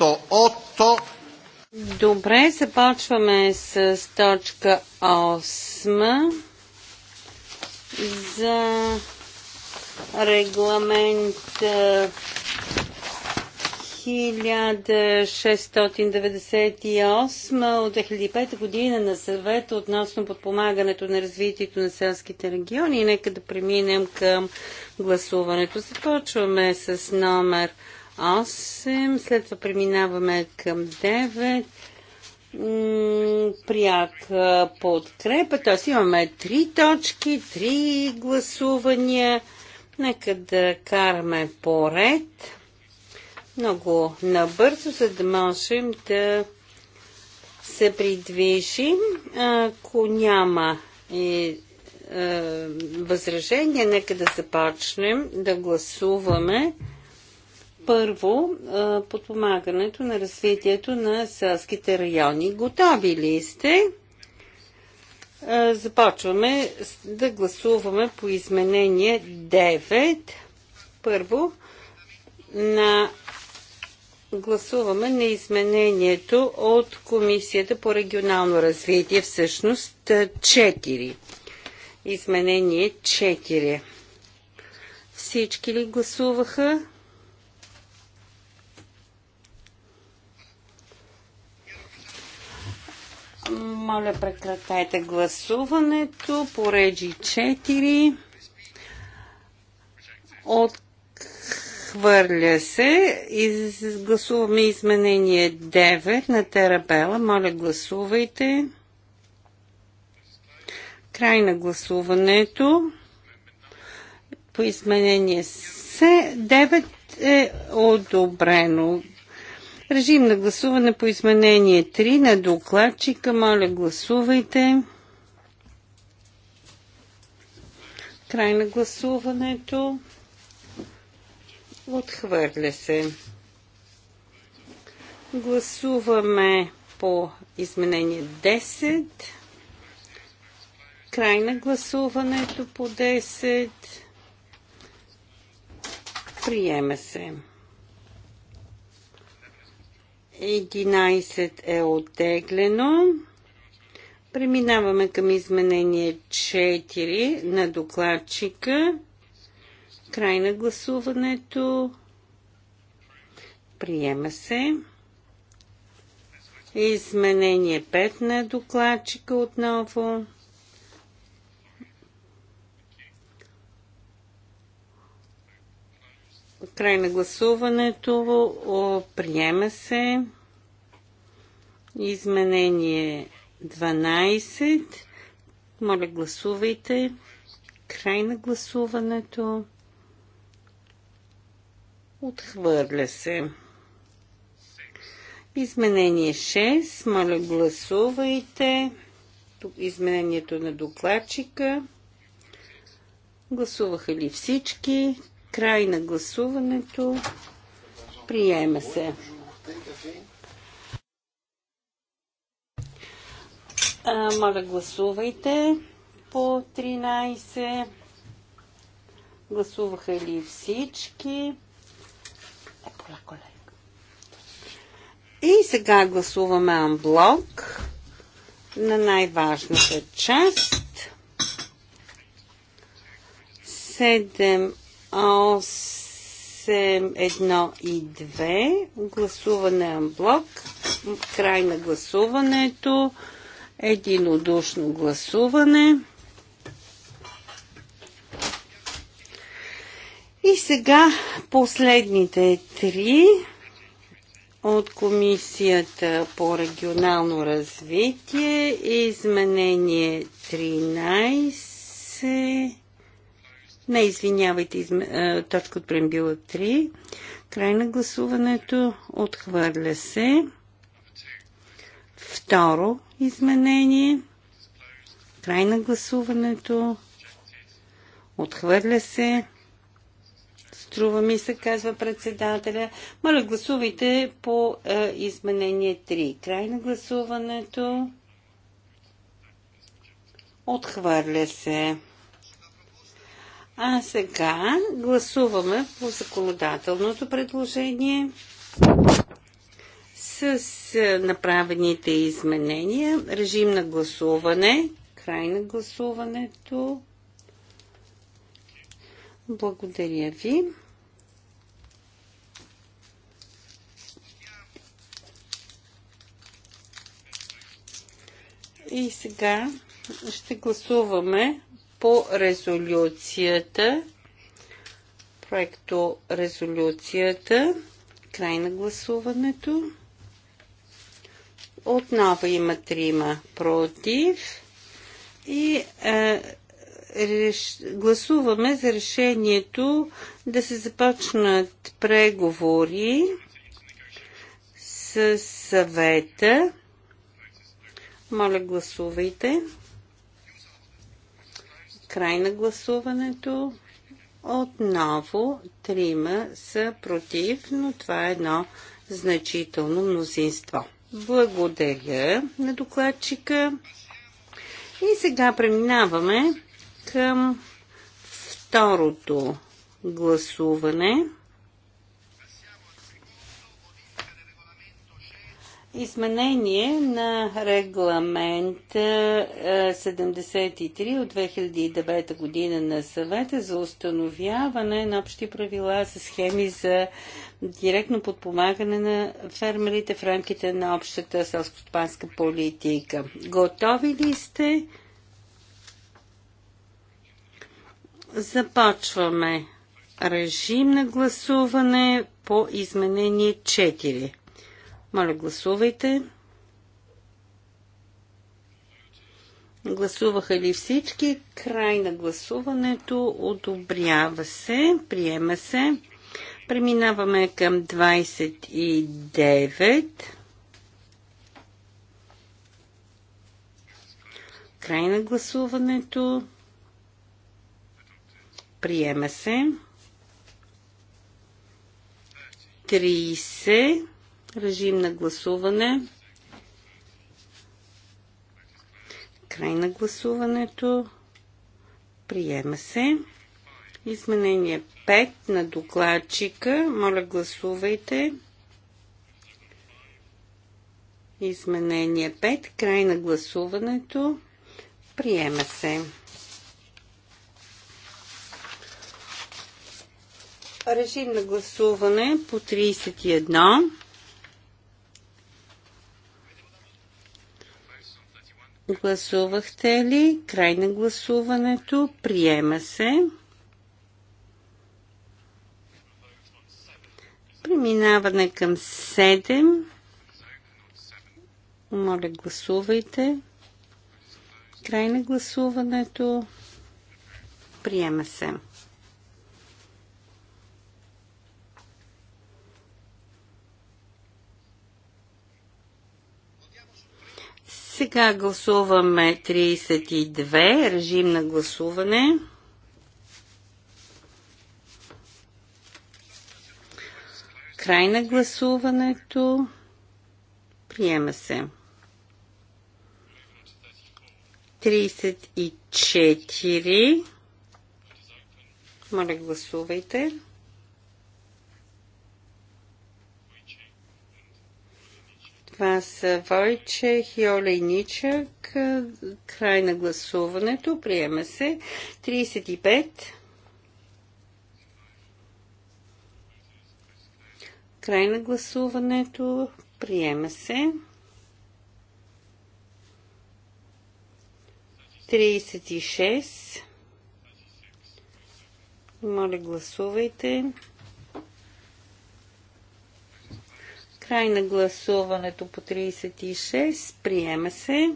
8. Добре, започваме с точка 8 за регламент 1698 от 2005 година на съвет относно подпомагането на развитието на селските региони. Нека да преминем към гласуването. Започваме с номер 8, след това преминаваме към 9 пряка подкрепа, т.е. имаме три точки, три гласувания. Нека да караме поред. Много набързо, за да можем да се придвижим. Ако няма и, е, възражение, нека да започнем да гласуваме. Първо, подпомагането на развитието на селските райони. Готови ли сте? Започваме да гласуваме по изменение 9. Първо, на гласуваме на изменението от Комисията по регионално развитие, всъщност 4. Изменение 4. Всички ли гласуваха? Моля, прекратете гласуването. реджи 4. Отхвърля се. Гласуваме изменение 9 на Терабела. Моля, гласувайте. Край на гласуването. По изменение 9 е одобрено. Режим на гласуване по изменение 3 на докладчика. Моля, гласувайте. Край на гласуването. Отхвърля се. Гласуваме по изменение 10. Край на гласуването по 10. Приема се. 11 е оттеглено. Преминаваме към изменение 4 на докладчика. Край на гласуването. Приема се. Изменение 5 на докладчика отново. Край на гласуването. Приема се. Изменение 12. Моля, гласувайте. Край на гласуването. Отхвърля се. Изменение 6. Моля, гласувайте. Изменението на докладчика. Гласуваха ли всички? Край на гласуването. Приема се. А, моля, гласувайте по 13. Гласуваха ли всички? Е, И сега гласуваме анблок на най-важната част. 7 8.1 и 2. Гласуване блок. Край на гласуването. Единодушно гласуване. И сега последните три от Комисията по регионално развитие, изменение 13 не, извинявайте, изм... Е, точка от прембила 3. Край на гласуването. Отхвърля се. Второ изменение. Край на гласуването. Отхвърля се. Струва ми се, казва председателя. Моля, гласувайте по е, изменение 3. Край на гласуването. Отхвърля се. А сега гласуваме по законодателното предложение с е, направените изменения. Режим на гласуване. Край на гласуването. Благодаря ви. И сега ще гласуваме по резолюцията, проекто резолюцията, край на гласуването. Отново има трима против и е, реш... гласуваме за решението да се започнат преговори с съвета. Моля, гласувайте. Край на гласуването. Отново трима са против, но това е едно значително мнозинство. Благодаря на докладчика. И сега преминаваме към второто гласуване. изменение на регламент 73 е, от 2009 година на съвета за установяване на общи правила с схеми за директно подпомагане на фермерите в рамките на общата селскостопанска политика. Готови ли сте? Започваме режим на гласуване по изменение 4. Моля, гласувайте. Гласуваха ли всички? Край на гласуването. Одобрява се. Приема се. Преминаваме към 29. Край на гласуването. Приема се. 30. Режим на гласуване. Край на гласуването. Приема се. Изменение 5 на докладчика. Моля, гласувайте. Изменение 5. Край на гласуването. Приема се. Режим на гласуване по 31. Гласувахте ли? Край на гласуването. Приема се. Преминаване към 7. Моля, гласувайте. Край на гласуването. Приема се. Сега гласуваме 32, режим на гласуване. Край на гласуването. Приема се. 34. Моля, гласувайте. Това са Войче, Хиоле и Ничък. Край на гласуването. Приема се. 35. Край на гласуването. Приема се. 36. Моля, гласувайте. Край на гласуването по 36. Приема се.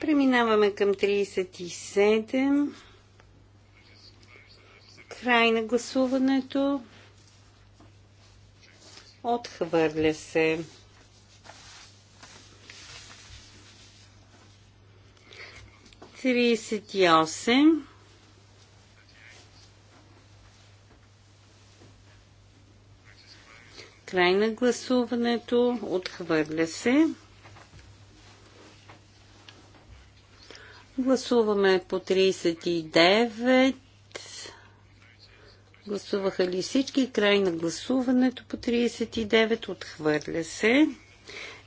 Преминаваме към 37. Край на гласуването. Отхвърля се. Тридесет и осем. Край на гласуването. Отхвърля се. Гласуваме по 39. Гласуваха ли всички? Край на гласуването по 39. Отхвърля се.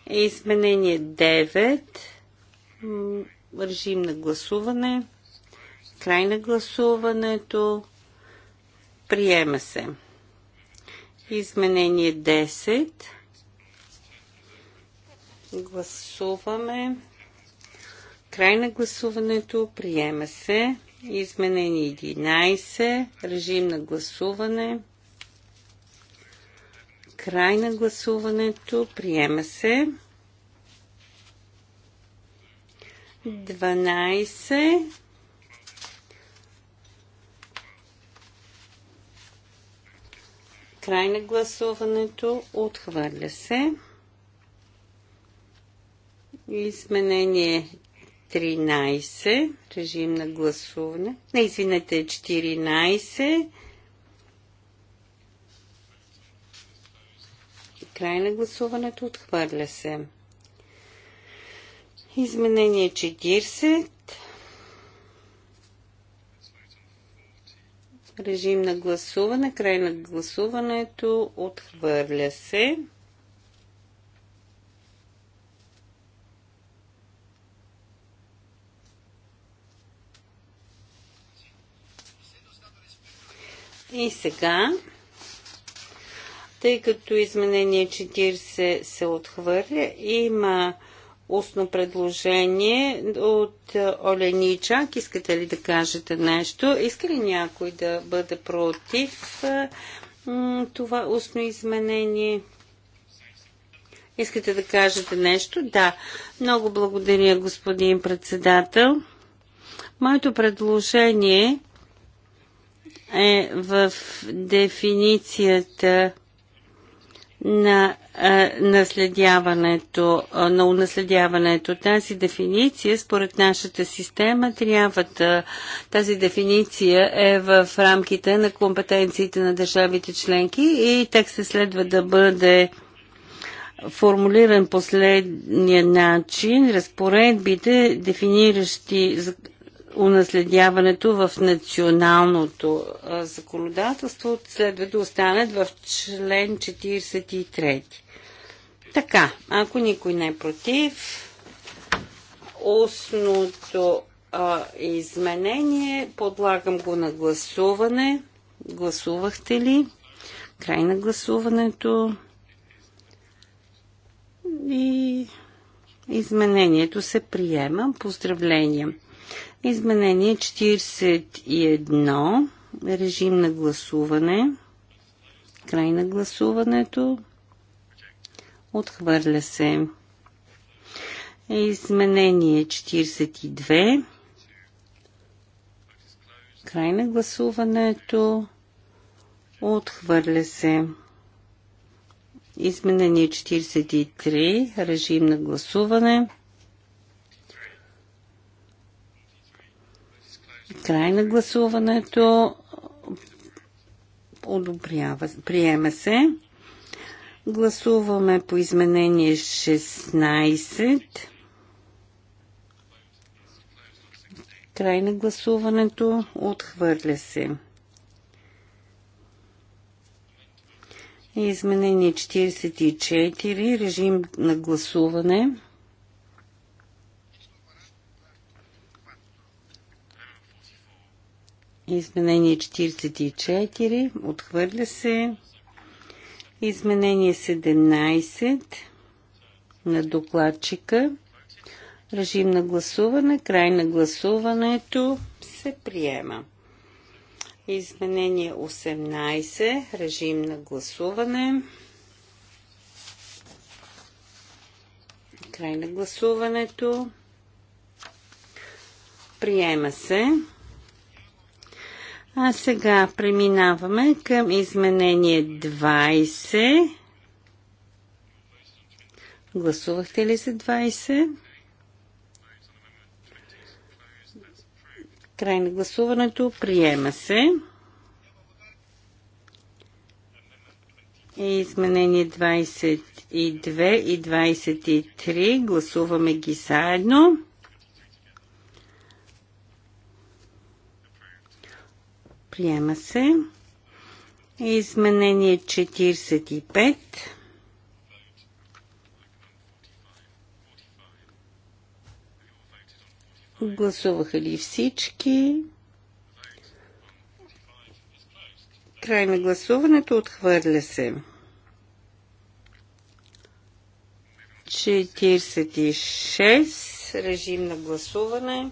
Изменение 9. Режим на гласуване. Край на гласуването. Приема се. Изменение 10. Гласуваме. Край на гласуването. Приема се. Изменение 11. Режим на гласуване. Край на гласуването. Приема се. 12. Край на гласуването. Отхвърля се. Изменение 13. Режим на гласуване. Не, извинете, 14. Край на гласуването. Отхвърля се. Изменение 40. Режим на гласуване, край на гласуването, отхвърля се. И сега, тъй като изменение 40 се отхвърля, има устно предложение от е, Оленичак. Искате ли да кажете нещо? Иска ли някой да бъде против е, това устно изменение? Искате да кажете нещо? Да. Много благодаря, господин председател. Моето предложение е в дефиницията на наследяването, на унаследяването. Тази дефиниция, според нашата система, трябва да... Тази дефиниция е в рамките на компетенциите на държавите членки и текстът следва да бъде формулиран последния начин. Разпоредбите, дефиниращи унаследяването в националното законодателство следва да останат в член 43. Така, ако никой не е против, устното а, изменение, подлагам го на гласуване. Гласувахте ли? Край на гласуването. И Изменението се приема. Поздравления. Изменение 41. Режим на гласуване. Край на гласуването. Отхвърля се. Изменение 42. Край на гласуването. Отхвърля се. Изменение 43, режим на гласуване. Край на гласуването. Одобрява, приема се. Гласуваме по изменение 16. Край на гласуването. Отхвърля се. Изменение 44. Режим на гласуване. Изменение 44. Отхвърля се. Изменение 17 на докладчика. Режим на гласуване. Край на гласуването се приема. Изменение 18. Режим на гласуване. Край на гласуването. Приема се. А сега преминаваме към изменение 20. Гласувахте ли за 20? Край на гласуването. Приема се. И изменение 22 и 23. Гласуваме ги заедно. Приема се. Изменение 45. Гласуваха ли всички? Край на гласуването отхвърля се. 46. Режим на гласуване.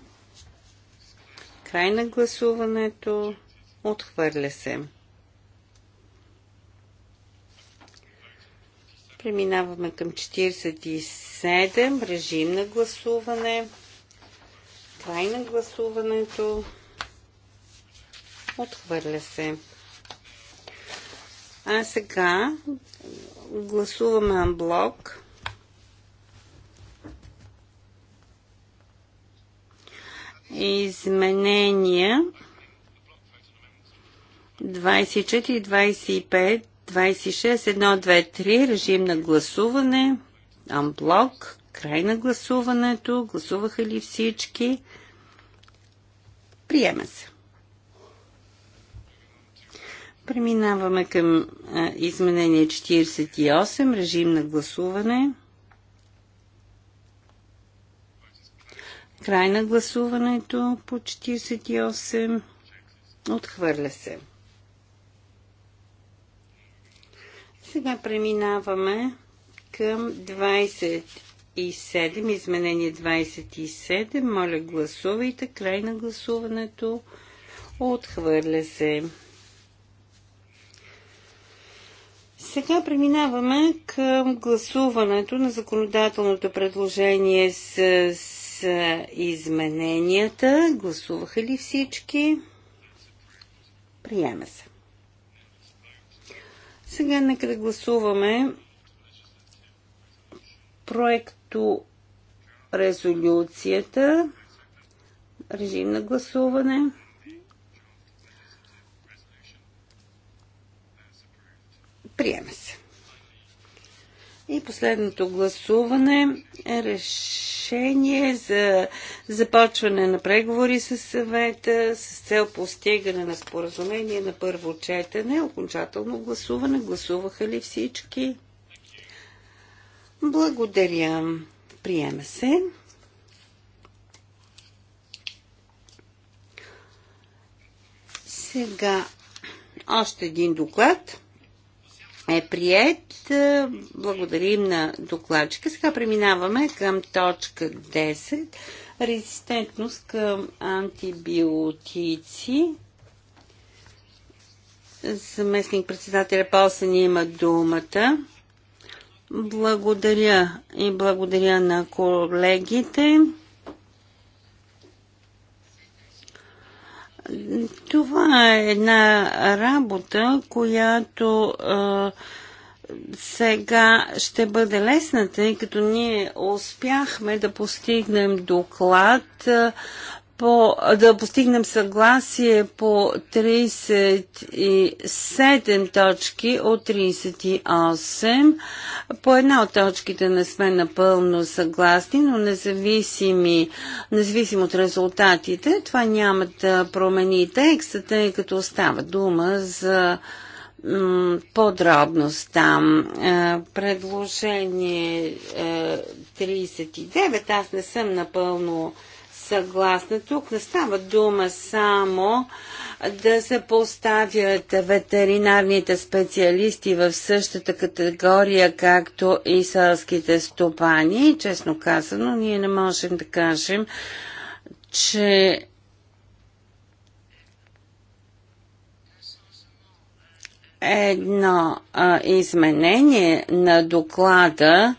Край на гласуването. Отхвърля се. Преминаваме към 47. Режим на гласуване. Край на гласуването. Отхвърля се. А сега гласуваме анблок. Изменения 24, 25, 26, 1, 2, 3. Режим на гласуване. Амблок. Край на гласуването. Гласуваха ли всички? Приема се. Преминаваме към а, изменение 48, режим на гласуване. Край на гласуването по 48. Отхвърля се. Сега преминаваме към 20 27, изменение 27. Моля, гласувайте. Край на гласуването. Отхвърля се. Сега преминаваме към гласуването на законодателното предложение с, с измененията. Гласуваха ли всички? Приема се. Сега нека да гласуваме проект проекто резолюцията. Режим на гласуване. Приема се. И последното гласуване е решение за започване на преговори с съвета с цел постигане на споразумение на първо четене, окончателно гласуване. Гласуваха ли всички? Благодаря. Приема се. Сега още един доклад е прият. Благодарим на докладчика. Сега преминаваме към точка 10. Резистентност към антибиотици. Заместник председателя Полсен има думата. Благодаря и благодаря на колегите. Това е една работа, която сега ще бъде лесна, тъй като ние успяхме да постигнем доклад по, да постигнем съгласие по 37 точки от 38. По една от точките не сме напълно съгласни, но независими, независимо от резултатите, това няма да промени текста, тъй като остава дума за подробност там. Е, предложение 39. Е, Аз не съм напълно съгласна. Тук не става дума само да се поставят ветеринарните специалисти в същата категория, както и селските стопани. Честно казано, ние не можем да кажем, че едно а, изменение на доклада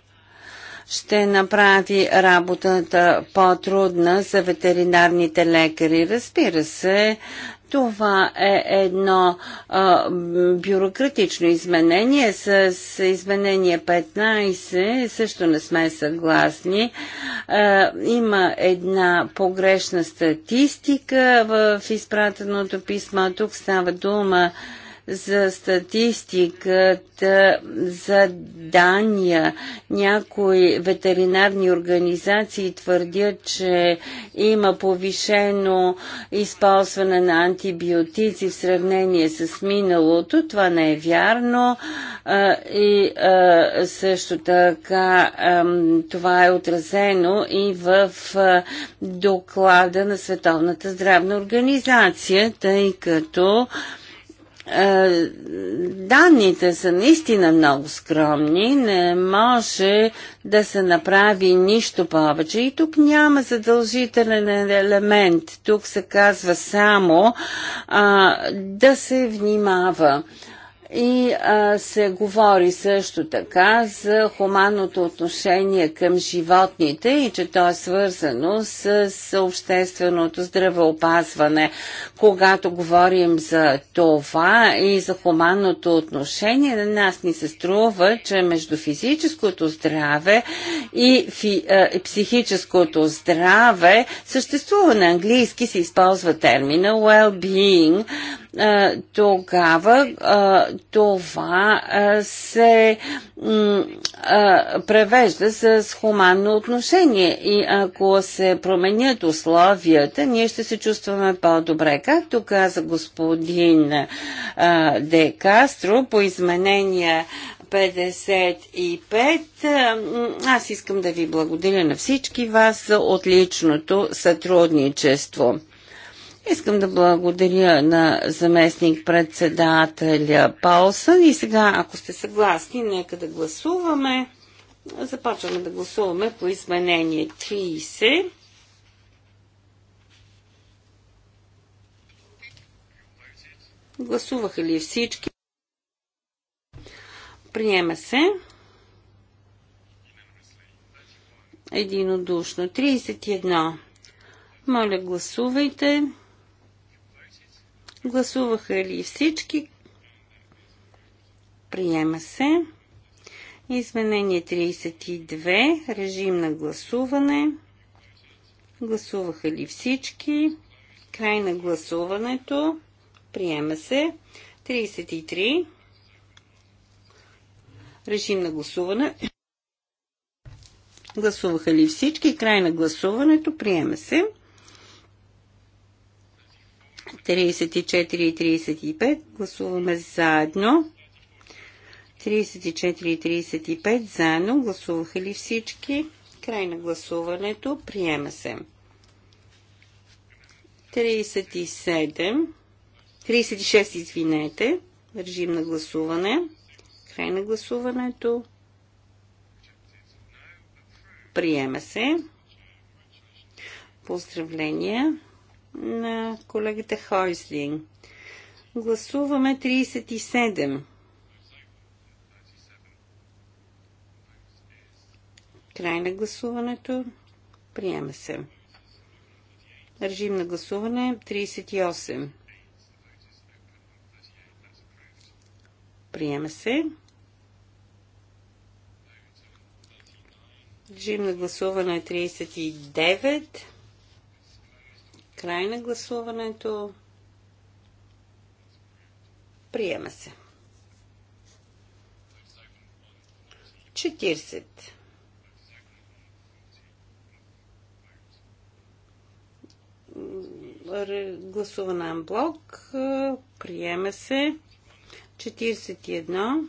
ще направи работата по-трудна за ветеринарните лекари. Разбира се, това е едно а, бюрократично изменение. С, изменение 15 също не сме съгласни. А, има една погрешна статистика в изпратеното писмо. Тук става дума а, за статистиката за Дания. Някои ветеринарни организации твърдят, че има повишено използване на антибиотици в сравнение с миналото. Това не е вярно. И също така това е отразено и в доклада на Световната здравна организация, тъй като е, данните са наистина много скромни, не може да се направи нищо повече. И тук няма задължителен елемент. Тук се казва само а, да се внимава. А, и а, се говори също така за хуманното отношение към животните и че то е свързано с, с общественото здравеопазване. Когато говорим за това и за хуманното отношение, на нас ни се струва, че между физическото здраве и, фи, а, и психическото здраве съществува на английски се използва термина well-being тогава това се превежда с хуманно отношение и ако се променят условията, ние ще се чувстваме по-добре. Както каза господин Де Кастро по изменения 55. Аз искам да ви благодаря на всички вас за отличното сътрудничество. Искам да благодаря на заместник председателя Паулсън и сега, ако сте съгласни, нека да гласуваме. Започваме да гласуваме по изменение 30. Гласуваха ли всички? Приема се. Единодушно. 31. Моля, гласувайте. Гласувайте. Гласуваха ли всички? Приема се. Изменение 32. Режим на гласуване. Гласуваха ли всички? Край на гласуването. Приема се. 33. Режим на гласуване. Гласуваха ли всички? Край на гласуването. Приема се. 34 и 35. Гласуваме заедно. 34 и 35 заедно. Гласуваха ли всички? Край на гласуването. Приема се. 37. 36, извинете. Режим на гласуване. Край на гласуването. Приема се. Поздравления на колегата Хойслин. Гласуваме 37. Край на гласуването. Приема се. Режим на гласуване 38. Приема се. Режим на гласуване 39. Край на гласуването. Приема се. 40. гласуван блок. Приема се 41.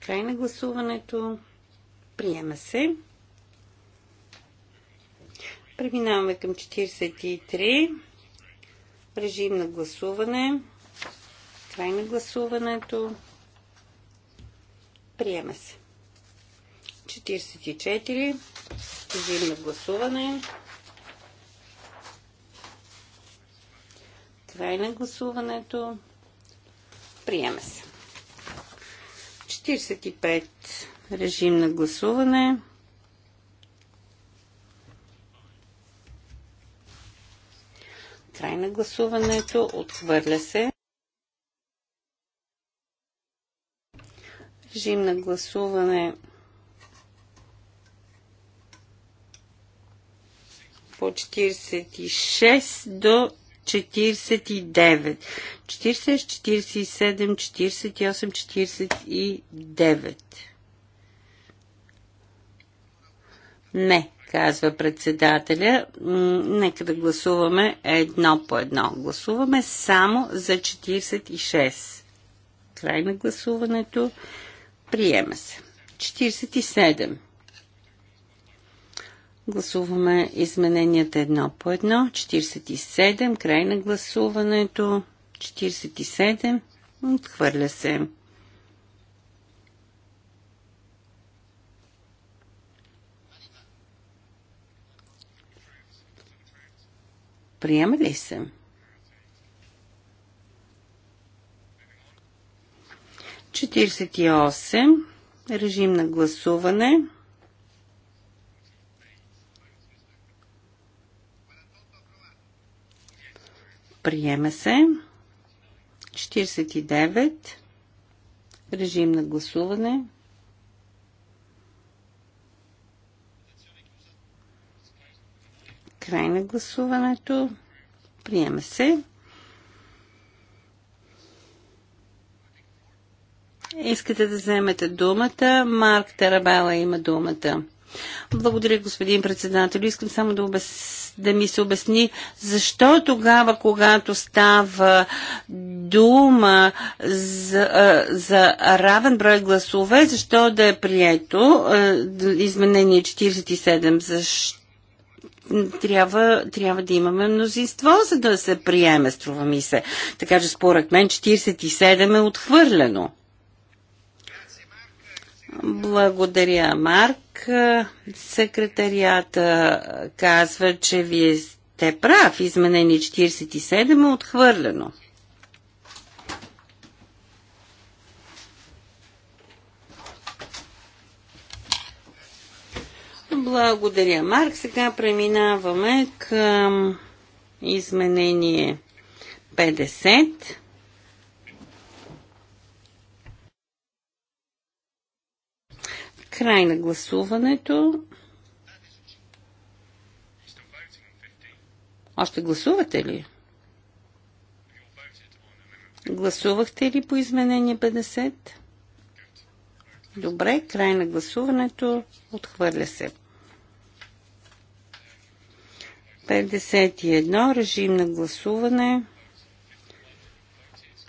Край на гласуването. Приема се. Преминаваме към 43. Режим на гласуване. Край на гласуването. Приема се. 44. Режим на гласуване. Край на гласуването. Приема се. 45. Режим на гласуване. Край на гласуването. Отхвърля се. Режим на гласуване по 46 до 49. 40, 47, 48, 49. Не казва председателя. Нека да гласуваме едно по едно. Гласуваме само за 46. Край на гласуването. Приема се. 47. Гласуваме измененията едно по едно. 47. Край на гласуването. 47. Отхвърля се. Приема ли се? Четиридесет и осем. Режим на гласуване. Приема се. 49. Режим на гласуване. гласуването. Приема се. Искате да вземете думата? Марк Тарабела има думата. Благодаря, господин председател. Искам само да, обяс... да ми се обясни защо тогава, когато става дума за, за равен брой гласове, защо да е прието изменение 47? Защо? трябва, трябва да имаме мнозинство, за да се приеме, струва ми се. Така че според мен 47 е отхвърлено. Благодаря, Марк. Секретарията казва, че вие сте прав. Изменение 47 е отхвърлено. Благодаря, Марк. Сега преминаваме към изменение 50. Край на гласуването. Още гласувате ли? Гласувахте ли по изменение 50? Добре, край на гласуването. Отхвърля се. 51. Режим на гласуване.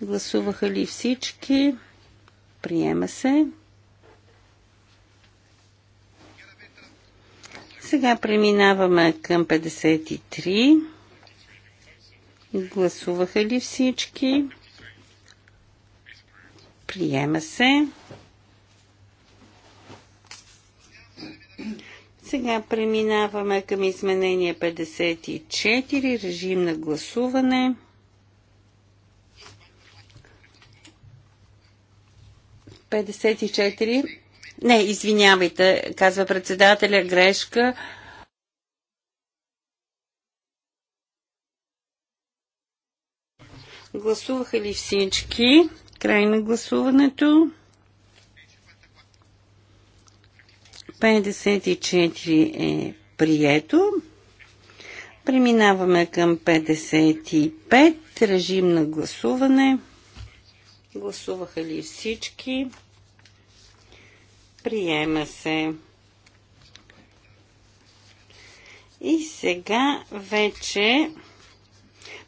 Гласуваха ли всички? Приема се. Сега преминаваме към 53. Гласуваха ли всички? Приема се. Сега преминаваме към изменение 54, режим на гласуване. Не, извинявайте, казва председателя, грешка. Гласуваха ли всички? Край на гласуването. 54 е прието. Преминаваме към 55. Режим на гласуване. Гласуваха ли всички? Приема се. И сега вече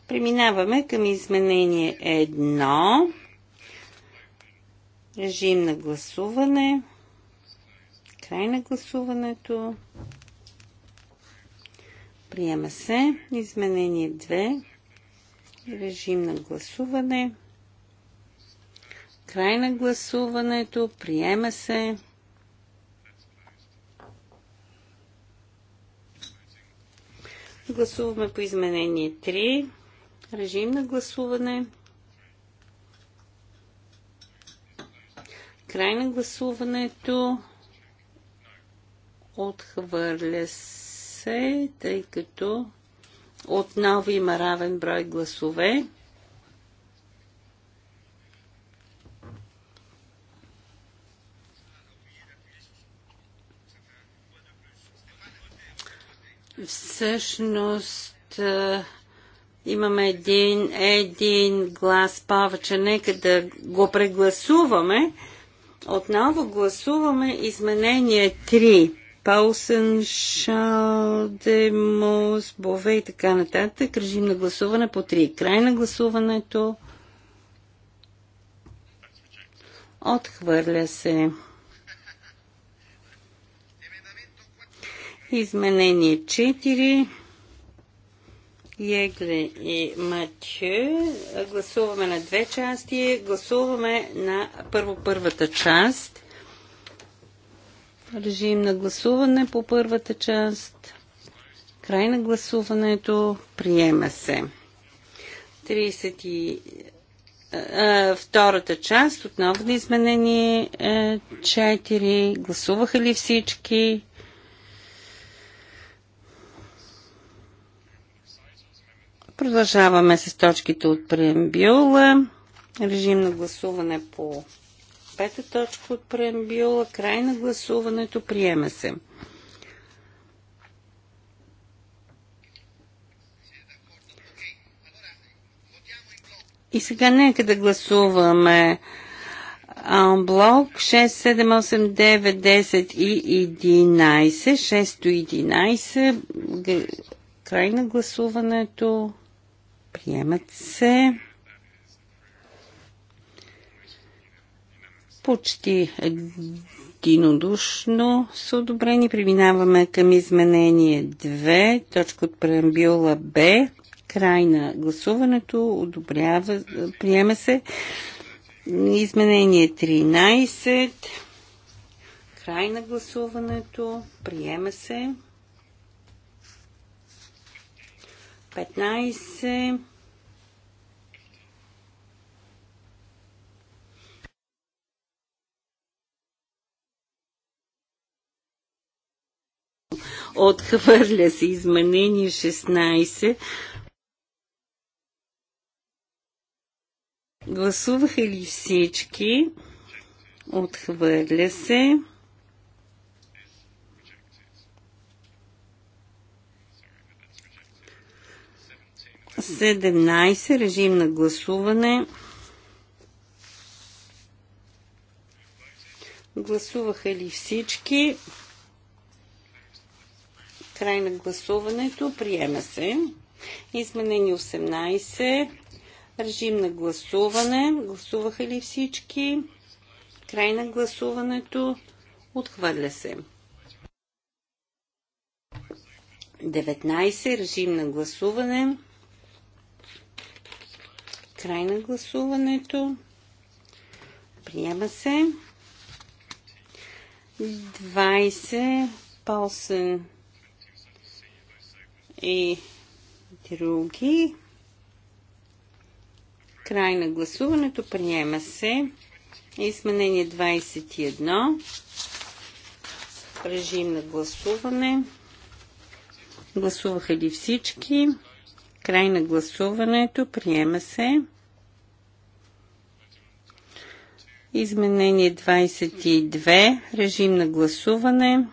преминаваме към изменение 1. Режим на гласуване. Край на гласуването. Приема се. Изменение 2. Режим на гласуване. Край на гласуването. Приема се. Гласуваме по изменение 3. Режим на гласуване. Край на гласуването. Отхвърля се, тъй като отново има равен брой гласове. Всъщност имаме един, един глас повече. Нека да го прегласуваме. Отново гласуваме изменение Паусен, Шалдемос, Бове и така нататък. Режим на гласуване по три. Край на гласуването. Отхвърля се. Изменение 4. Егле и Матю. Гласуваме на две части. Гласуваме на първо първата част. Режим на гласуване по първата част. Край на гласуването. Приема се. 30 и, а, втората част. Отново на изменение 4. Гласуваха ли всички? Продължаваме с точките от преамбюла. Режим на гласуване по пета точка от преамбюла, край на гласуването, приема се. И сега нека да гласуваме блок 6, 7, 8, 9, 10 и 11. 6 11. Край на гласуването. Приемат се. почти единодушно са одобрени. Преминаваме към изменение 2, точка от преамбюла Б, край на гласуването, одобрява, приема се. Изменение 13, край на гласуването, приема се. 15, Отхвърля се изменение 16. Гласуваха ли всички? Отхвърля се. Седемнайсе Режим на гласуване. Гласуваха ли всички? Край на гласуването. Приема се. Изменени 18. Режим на гласуване. Гласуваха ли всички? Край на гласуването. Отхвърля се. 19. Режим на гласуване. Край на гласуването. Приема се. 20. Полсен и други. Край на гласуването. Приема се. Изменение 21. Режим на гласуване. Гласуваха ли всички? Край на гласуването. Приема се. Изменение 22. Режим на гласуване.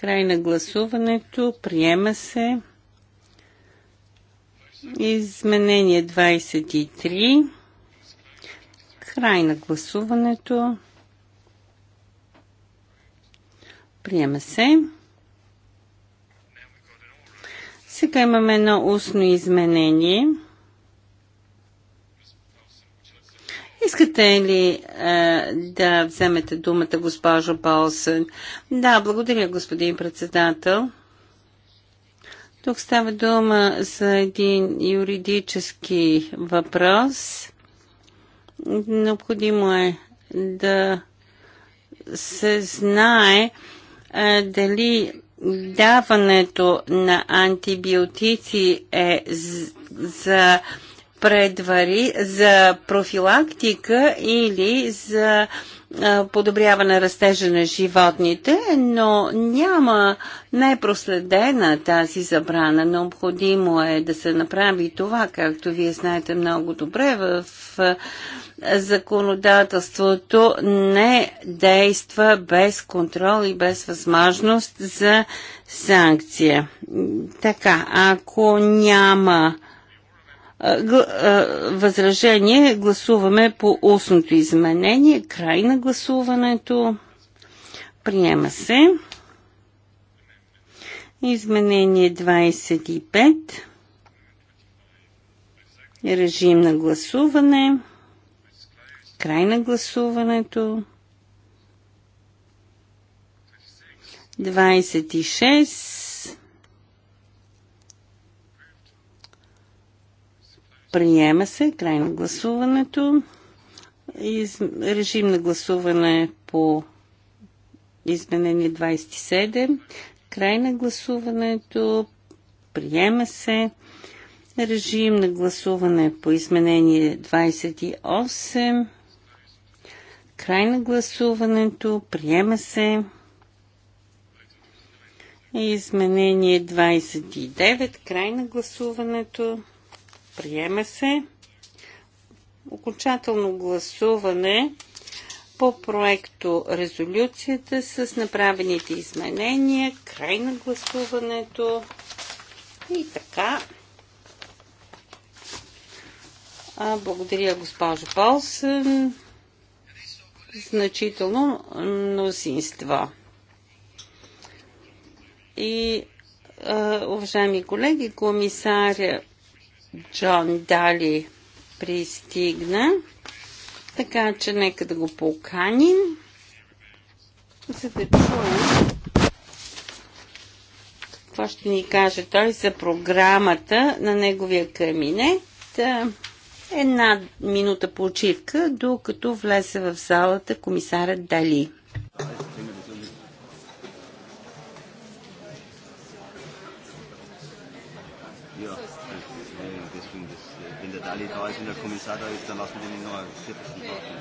Край на гласуването. Приема се. Изменение 23. Край на гласуването. Приема се. Сега имаме едно устно изменение. Искате ли е, да вземете думата, госпожо Болсън? Да, благодаря, господин председател. Тук става дума за един юридически въпрос. Необходимо е да се знае е, дали даването на антибиотици е за предвари за профилактика или за подобряване растежа на животните, но няма, не е проследена тази забрана. Необходимо е да се направи това, както вие знаете много добре в законодателството не действа без контрол и без възможност за санкция. Така, ако няма възражение гласуваме по устното изменение. Край на гласуването. Приема се. Изменение 25. Режим на гласуване. Край на гласуването. 26 Приема се. Край на гласуването. Режим на гласуване по изменение 27. Край на гласуването. Приема се. Режим на гласуване по изменение 28. Край на гласуването. Приема се. Изменение 29. Край на гласуването. Приема се. Окончателно гласуване по проекто резолюцията с направените изменения, край на гласуването и така. А, благодаря, госпожо Полсън. Значително мнозинство. И, а, уважаеми колеги, комисаря Джон Дали пристигна, така че нека да го поканим, за да чуем какво ще ни каже той за програмата на неговия кабинет. Една минута почивка, докато влезе в залата комисарът Дали. alle da ist und der Kommissar da ist, dann lassen wir den noch ein Viertelstunde warten.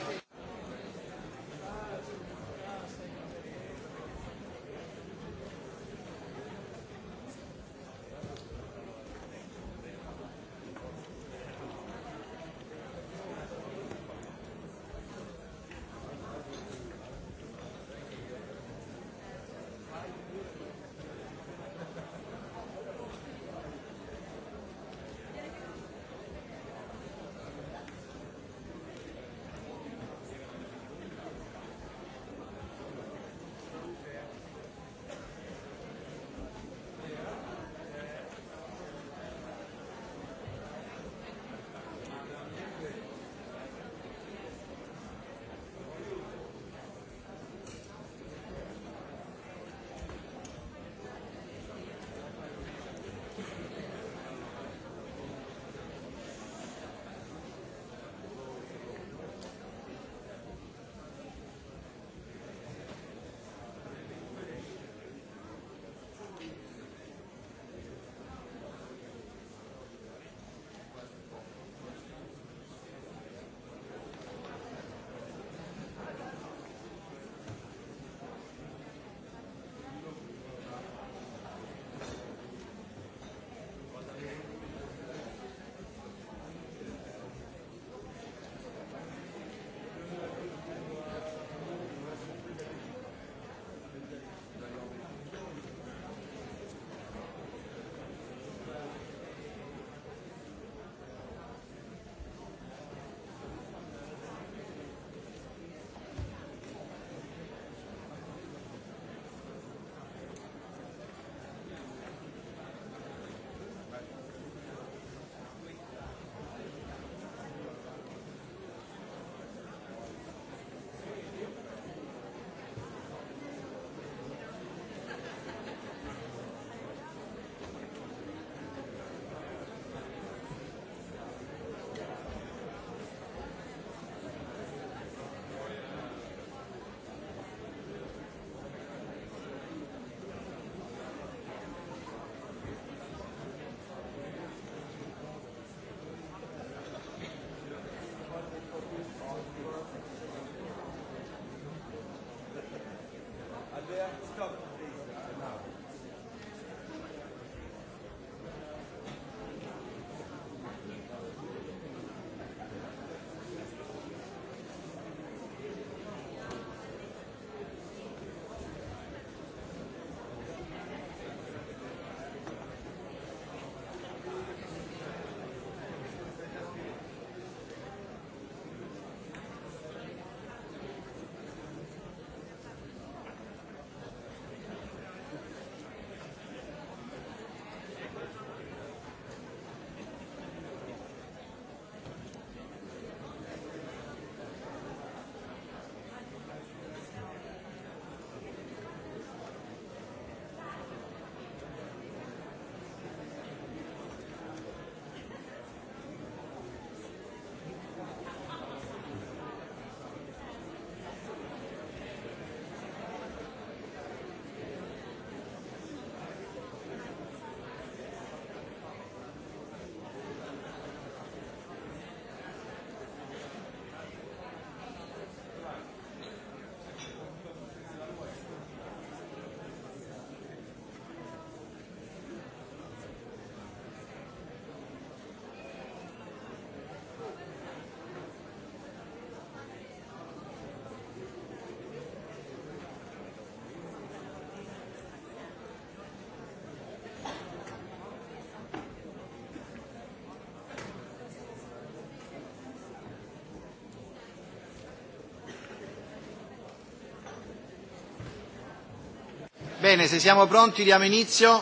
Bene, se siamo pronti diamo inizio.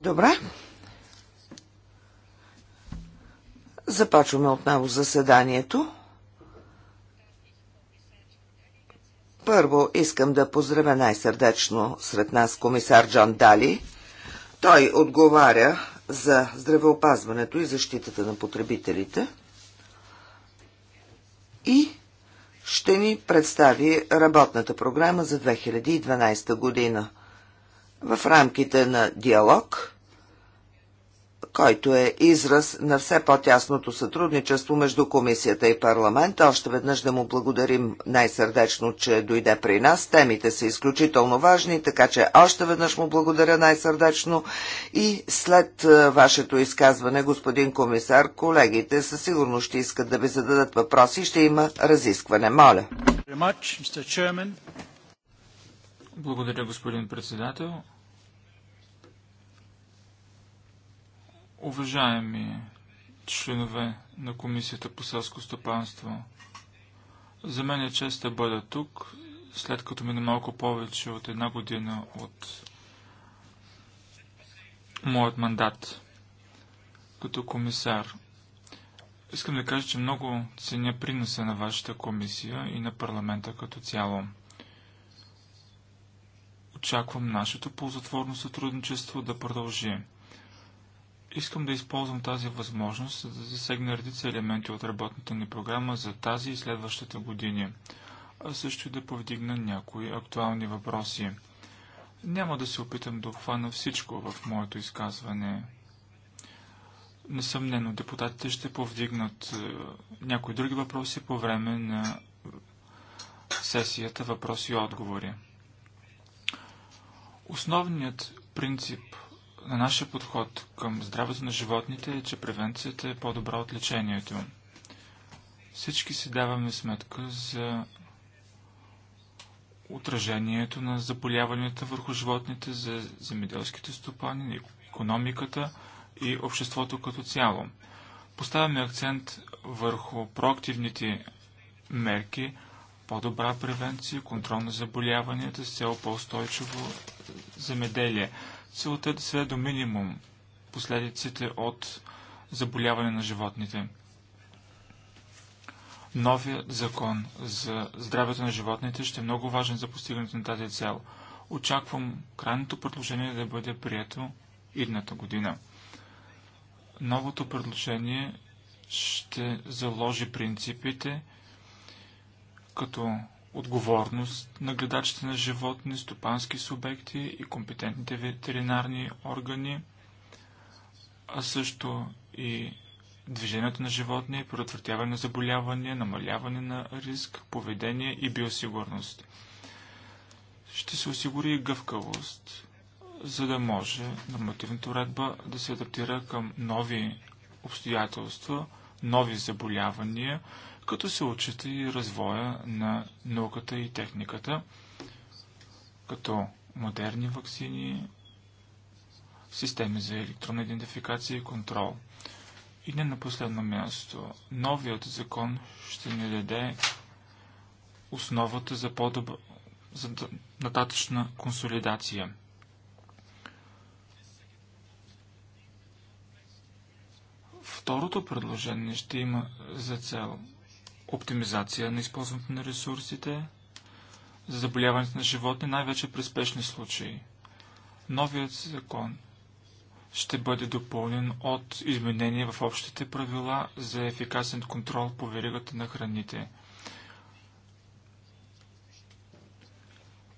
Добре. Започваме отново заседанието. Първо искам да поздравя най-сърдечно сред нас комисар Джон Дали. Той отговаря за здравеопазването и защитата на потребителите – представи работната програма за 2012 година. В рамките на диалог който е израз на все по-тясното сътрудничество между комисията и парламента. Още веднъж да му благодарим най-сърдечно, че дойде при нас. Темите са изключително важни, така че още веднъж му благодаря най-сърдечно. И след е, вашето изказване, господин комисар, колегите със сигурност ще искат да ви зададат въпроси и ще има разискване. Моля. Благодаря, господин председател. Уважаеми членове на Комисията по селско стопанство, за мен е чест да бъда тук, след като мина малко повече от една година от моят мандат като комисар. Искам да кажа, че много ценя приноса на вашата комисия и на парламента като цяло. Очаквам нашето ползотворно сътрудничество да продължи. Искам да използвам тази възможност, за да засегна редица елементи от работната ни програма за тази и следващата години, а също и да повдигна някои актуални въпроси. Няма да се опитам да обхвана всичко в моето изказване. Несъмнено, депутатите ще повдигнат е, някои други въпроси по време на сесията въпроси и отговори. Основният принцип на нашия подход към здравето на животните е, че превенцията е по-добра от лечението. Всички си даваме сметка за отражението на заболяванията върху животните за земеделските стопани, економиката и обществото като цяло. Поставяме акцент върху проактивните мерки, по-добра превенция, контрол на заболяванията с цел по-устойчиво земеделие – Целта е да се до минимум последиците от заболяване на животните. Новият закон за здравето на животните ще е много важен за постигането на тази цел. Очаквам крайното предложение да бъде прието идната година. Новото предложение ще заложи принципите, като отговорност на гледачите на животни, стопански субекти и компетентните ветеринарни органи, а също и движението на животни, предотвратяване на заболявания, намаляване на риск, поведение и биосигурност. Ще се осигури и гъвкавост, за да може нормативната уредба да се адаптира към нови обстоятелства, нови заболявания, като се отчита и развоя на науката и техниката, като модерни вакцини, системи за електронна идентификация и контрол. И не на последно място, новият закон ще ни даде основата за по-добра за нататъчна консолидация. Второто предложение ще има за цел оптимизация на използването на ресурсите, за заболяването на животни, най-вече при спешни случаи. Новият закон ще бъде допълнен от изменения в общите правила за ефикасен контрол по веригата на храните.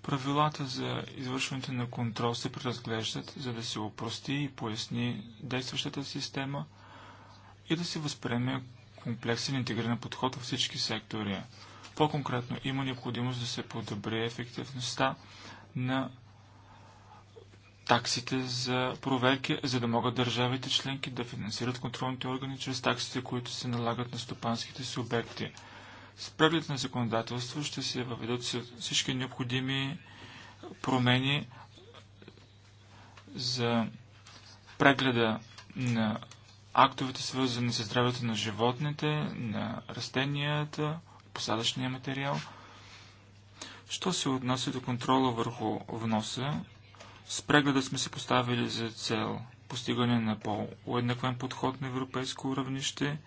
Правилата за извършването на контрол се преразглеждат, за да се опрости и поясни действащата система и да се възприеме комплексен интегриран подход във всички сектори. По-конкретно има необходимост да се подобри ефективността на таксите за проверки, за да могат държавите членки да финансират контролните органи чрез таксите, които се налагат на стопанските субекти. С преглед на законодателство ще се въведат всички необходими промени за прегледа на актовете, свързани с здравето на животните, на растенията, посадъчния материал. Що се отнася до контрола върху вноса, с прегледа сме се поставили за цел постигане на по-уеднаквен подход на европейско равнище,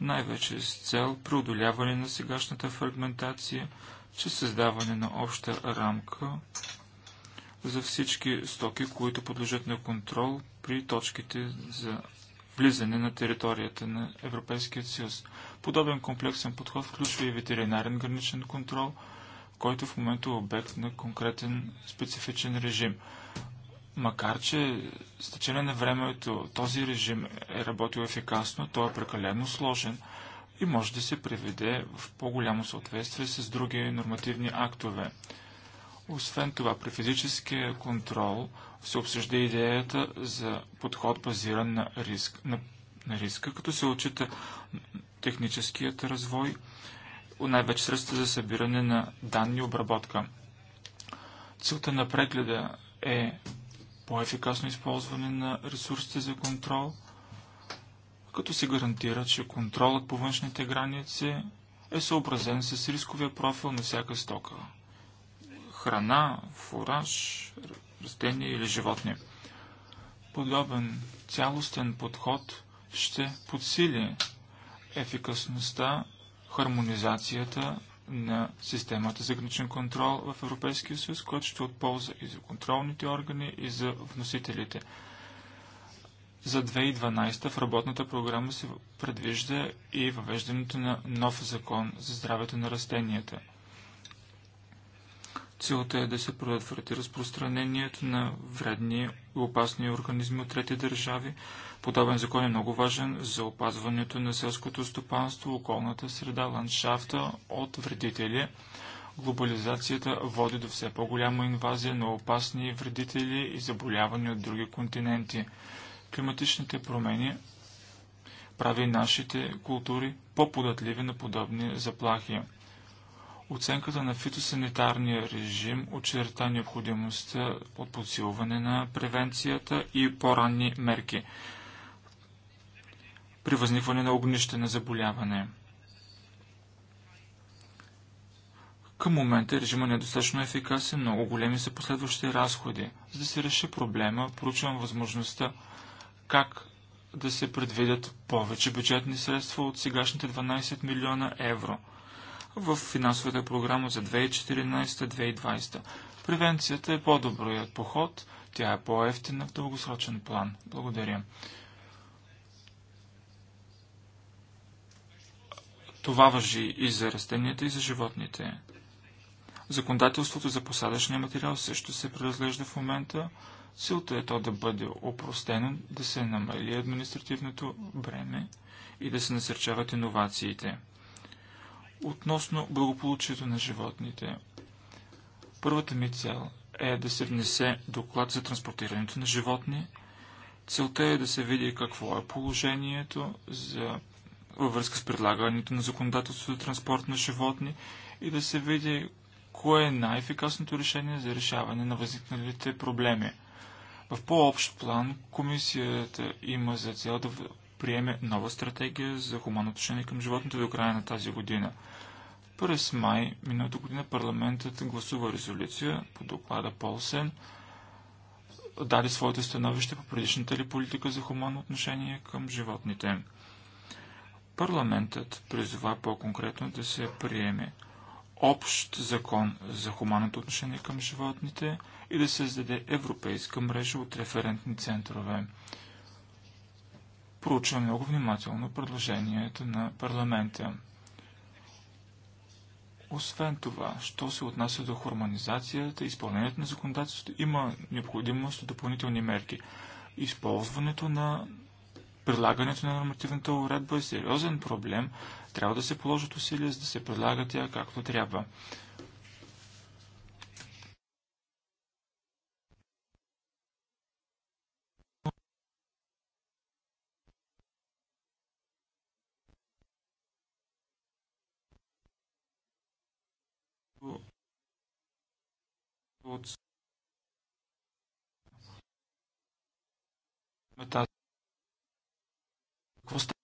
най-вече с цел преодоляване на сегашната фрагментация, чрез създаване на обща рамка за всички стоки, които подлежат на контрол при точките за влизане на територията на Европейския съюз. Подобен комплексен подход включва и ветеринарен граничен контрол, който в момента е обект на конкретен специфичен режим. Макар, че с течение на времето този режим е работил ефикасно, той е прекалено сложен и може да се приведе в по-голямо съответствие с други нормативни актове. Освен това, при физическия контрол се обсъжда идеята за подход базиран на, риск, на, на риска, като се отчита техническият развой, най-вече средства за събиране на данни и обработка. Целта на прегледа е по-ефикасно използване на ресурсите за контрол, като се гарантира, че контролът по външните граници е съобразен с рисковия профил на всяка стока. Храна, фураж, растения или животни. Подобен цялостен подход ще подсили ефикасността, хармонизацията на системата за граничен контрол в Европейския съюз, който ще е отполза и за контролните органи, и за вносителите. За 2012 в работната програма се предвижда и въвеждането на нов закон за здравето на растенията – Целта е да се предотврати разпространението на вредни и опасни организми от трети държави. Подобен закон е много важен за опазването на селското стопанство, околната среда, ландшафта от вредители. Глобализацията води до все по-голяма инвазия на опасни вредители и заболявания от други континенти. Климатичните промени прави нашите култури по-податливи на подобни заплахи. Оценката на фитосанитарния режим очерта необходимостта от подсилване на превенцията и по-ранни мерки при възникване на огнище на заболяване. Към момента режимът не е достатъчно ефикасен, много големи са последващи разходи. За да се реши проблема, проучвам възможността как да се предвидят повече бюджетни средства от сегашните 12 милиона евро – в финансовата програма за 2014-2020. Превенцията е по-добрият поход, тя е по-ефтина в дългосрочен план. Благодаря. Това въжи и за растенията, и за животните. Законодателството за посадъчния материал също се преразглежда в момента. Силта е то да бъде опростено, да се намали административното бреме и да се насърчават иновациите относно благополучието на животните. Първата ми цел е да се внесе доклад за транспортирането на животни. Целта е да се види какво е положението за... във връзка с предлагането на законодателството за транспорт на животни и да се види кое е най-ефикасното решение за решаване на възникналите проблеми. В по-общ план комисията има за цел да приеме нова стратегия за хуманно отношение към животните до края на тази година. През май миналата година парламентът гласува резолюция по доклада Полсен, даде своето становище по предишната ли политика за хуманно отношение към животните. Парламентът призова по-конкретно да се приеме общ закон за хуманното отношение към животните и да създаде европейска мрежа от референтни центрове проуча много внимателно предложението на парламента. Освен това, що се отнася до хормонизацията и изпълнението на законодателството, има необходимост от допълнителни мерки. Използването на прилагането на нормативната уредба е сериозен проблем. Трябва да се положат усилия, за да се предлага тя както трябва. от тази какво става?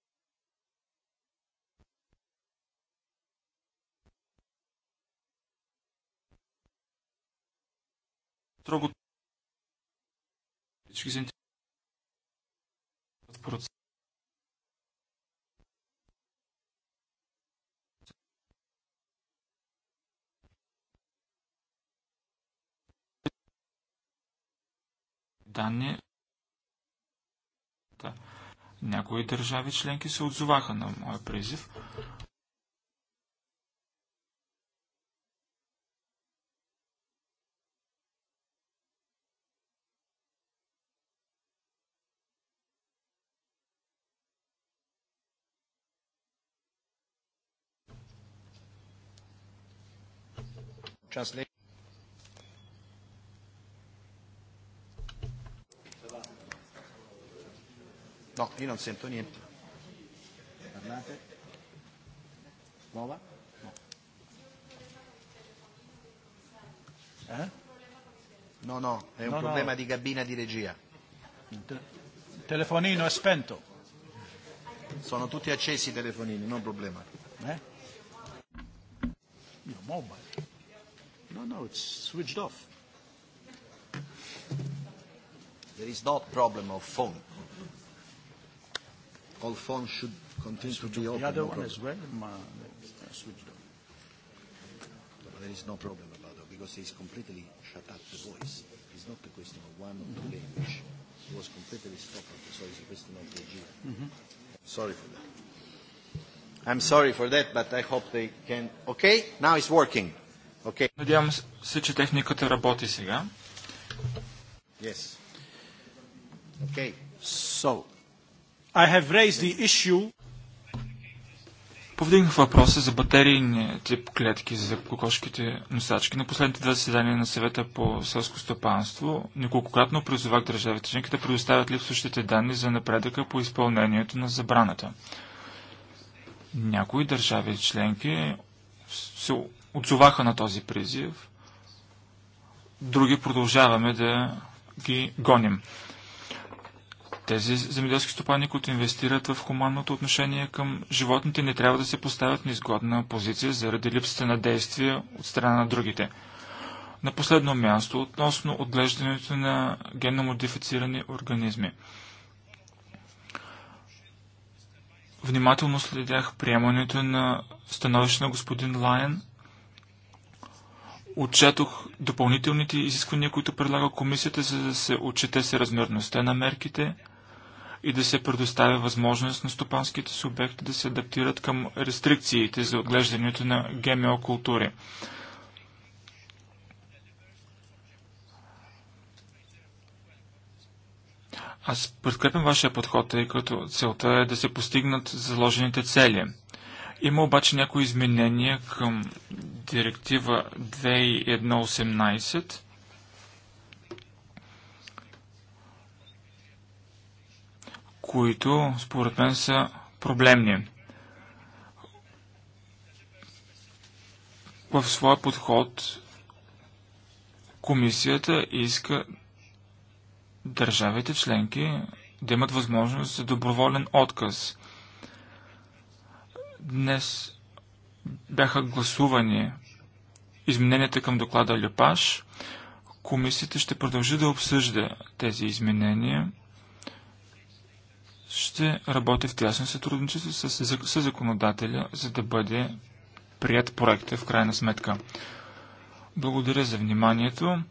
Строго всички заинтересовани процес. данни. Да. Някои държави членки се отзоваха на моя призив. Translate. No, io non sento niente. Parlate? Nuova? No. Eh? No, no, è un no, problema no. di cabina di regia. Il telefonino è spento. Sono tutti accesi i telefonini, non problema. Eh? Your mobile. No, no, it's switched off. There is no problem of phone all phones should continue to be open. The other one as well, switched on. There is no problem about that because he's completely shut up the voice. It's not a question of one or two language. It was completely stopped, so it's a question of the G. Mm-hmm. Sorry for that. I'm sorry for that, but I hope they can... Okay, now it's working. Okay. Надявам се, че техниката работи сега. Yes. Okay. So, I have raised the issue Повдигнах въпроса за батерийни тип клетки за кокошките носачки на последните две заседания на съвета по селско стопанство. Неколкократно призовах държавите членки да предоставят липсващите данни за напредъка по изпълнението на забраната. Някои държави членки се отзоваха на този призив, други продължаваме да ги гоним. Тези земеделски стопани, които инвестират в хуманното отношение към животните, не трябва да се поставят на изгодна позиция заради липсата на действия от страна на другите. На последно място, относно отглеждането на генно модифицирани организми. Внимателно следях приемането на становище на господин Лайен. Отчетох допълнителните изисквания, които предлага комисията, за да се отчете съразмерността на мерките – и да се предоставя възможност на стопанските субекти да се адаптират към рестрикциите за отглеждането на ГМО култури. Аз подкрепям вашия подход, тъй като целта е да се постигнат заложените цели. Има обаче някои изменения към директива 2118 които според мен са проблемни. В своя подход комисията иска държавите членки да имат възможност за доброволен отказ. Днес бяха гласувани измененията към доклада Лепаш. Комисията ще продължи да обсъжда тези изменения ще работи в тясно сътрудничество с, с законодателя, за да бъде прият проекта в крайна сметка. Благодаря за вниманието.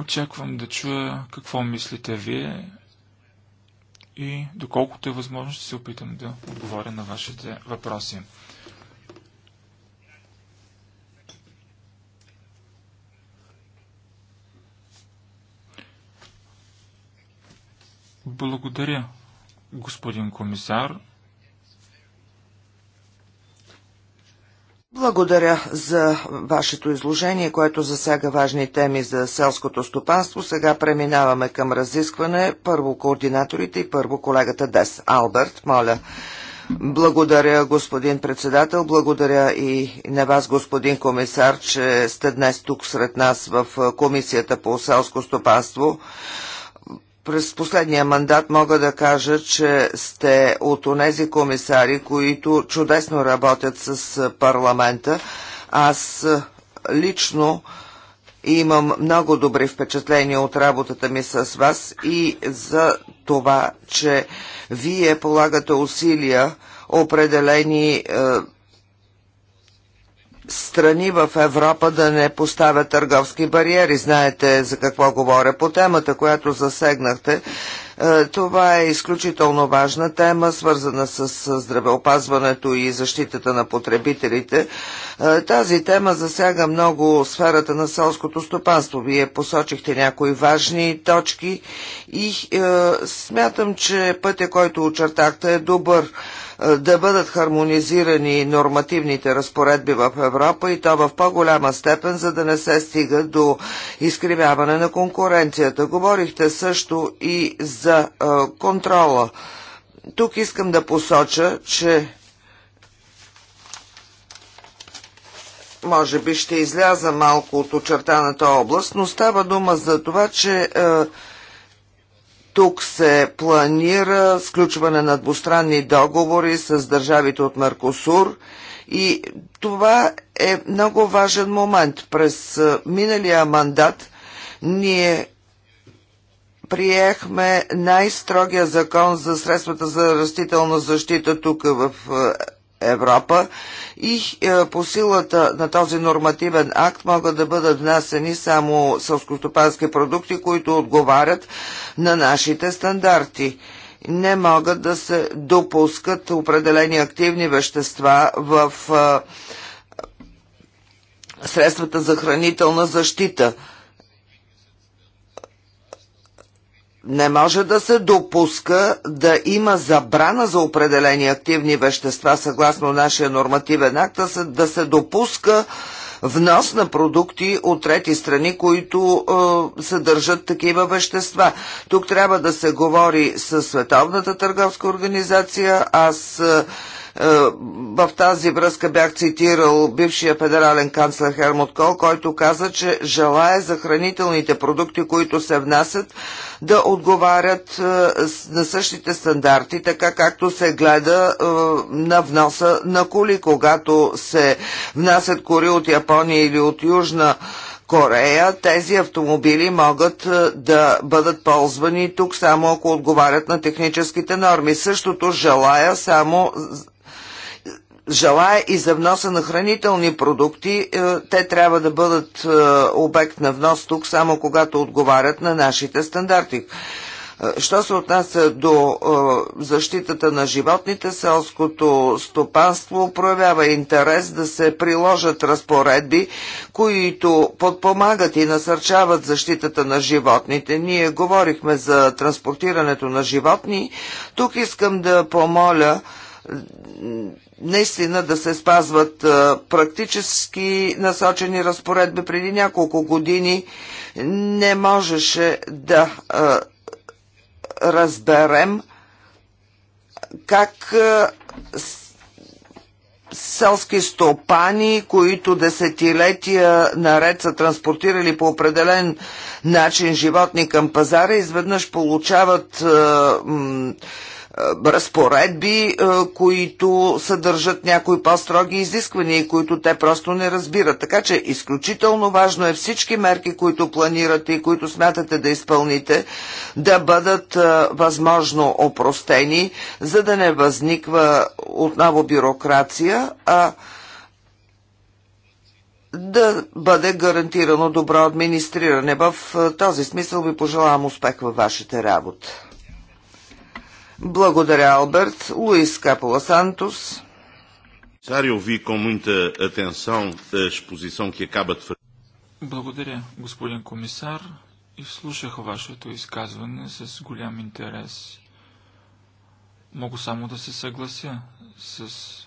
Очаквам да чуя какво мислите вие и доколкото е възможно ще се опитам да отговоря на вашите въпроси. Благодаря, господин комисар. Благодаря за вашето изложение, което засяга важни теми за селското стопанство. Сега преминаваме към разискване. Първо координаторите и първо колегата Дес. Алберт, моля. Благодаря, господин председател. Благодаря и на вас, господин комисар, че сте днес тук сред нас в Комисията по селско стопанство. През последния мандат мога да кажа, че сте от онези комисари, които чудесно работят с парламента. Аз лично имам много добри впечатления от работата ми с вас и за това, че вие полагате усилия определени е, страни в Европа да не поставят търговски бариери. Знаете за какво говоря по темата, която засегнахте. Е, това е изключително важна тема, свързана с здравеопазването и защитата на потребителите. Е, тази тема засяга много сферата на селското стопанство. Вие посочихте някои важни точки и е, смятам, че пътя, който очертахте е добър. Е, да бъдат хармонизирани нормативните разпоредби в Европа и то в по-голяма степен, за да не се стига до изкривяване на конкуренцията. Говорихте също и за е, контрола. Тук искам да посоча, че може би ще изляза малко от очертаната област, но става дума за това, че е, тук се планира сключване на двустранни договори с държавите от Меркосур и това е много важен момент. През миналия мандат ние приехме най-строгия закон за средствата за растителна защита тук в Европа и е, по силата на този нормативен акт могат да бъдат внасени само сълскостопански продукти, които отговарят на нашите стандарти. Не могат да се допускат определени активни вещества в е, средствата за хранителна защита – Не може да се допуска да има забрана за определени активни вещества съгласно нашия нормативен акт, да се, да се допуска внос на продукти от трети страни, които е, съдържат такива вещества. Тук трябва да се говори с Световната търговска организация. Аз е, е, в тази връзка бях цитирал бившия федерален канцлер Хермот Кол, който каза, че желая за хранителните продукти, които се внасят, да отговарят е, на същите стандарти, така както се гледа е, на вноса на коли, когато се внасят кори от Япония или от Южна Корея тези автомобили могат да бъдат ползвани тук само ако отговарят на техническите норми. Същото желая само желая и за вноса на хранителни продукти. Е, те трябва да бъдат е, обект на внос тук само когато отговарят на нашите стандарти. Е, що се отнася до защитата на животните, селското стопанство проявява интерес да се приложат разпоредби, които подпомагат и насърчават защитата на животните. Ние говорихме за транспортирането на животни. Тук искам да помоля наистина да се спазват практически насочени разпоредби. Преди няколко години не можеше да разберем как селски стопани, които десетилетия наред са транспортирали по определен начин животни към пазара, изведнъж получават е, е, разпоредби, е, които съдържат някои по-строги изисквания, които те просто не разбират. Така че изключително важно е всички мерки, които планирате и които смятате да изпълните, да бъдат е, възможно опростени, за да не възниква отново бюрокрация, а да бъде гарантирано добро администриране. В този смисъл ви пожелавам успех във вашите работи. Благодаря, Алберт. Луис Капола Сантос. Комисарио, ви com muita atenção a exposição que acaba de fazer. Благодаря, господин комисар. И слушах вашето изказване с голям интерес. Мога само да се съглася с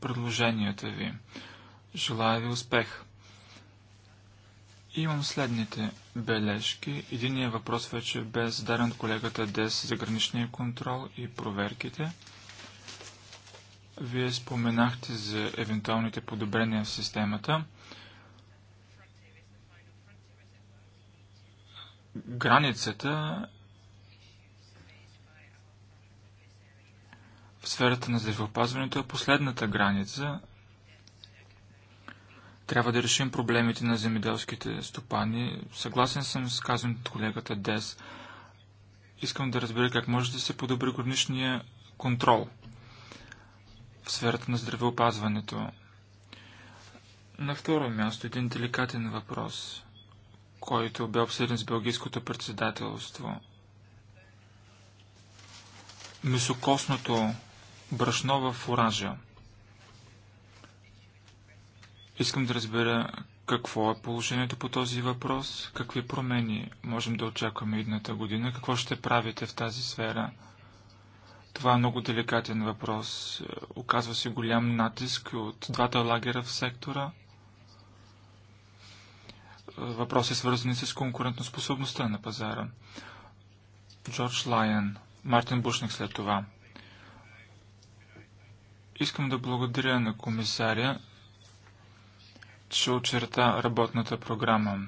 предложенията ви. Желая ви успех. Имам следните бележки. Единият въпрос вече бе зададен от колегата ДЕС за граничния контрол и проверките. Вие споменахте за евентуалните подобрения в системата. Границата в сферата на здравеопазването е последната граница, трябва да решим проблемите на земеделските стопани. Съгласен съм с казан от колегата Дес. Искам да разбера как може да се подобри граничния контрол в сферата на здравеопазването. На второ място един деликатен въпрос, който бе обсъден с Белгийското председателство. Месокосното брашно в оранжа – Искам да разбера какво е положението по този въпрос, какви промени можем да очакваме идната година, какво ще правите в тази сфера. Това е много деликатен въпрос. Оказва се голям натиск от двата лагера в сектора. Въпроси свързани с конкурентоспособността на пазара. Джордж Лайен, Мартин Бушник след това. Искам да благодаря на комисаря ще очерта работната програма.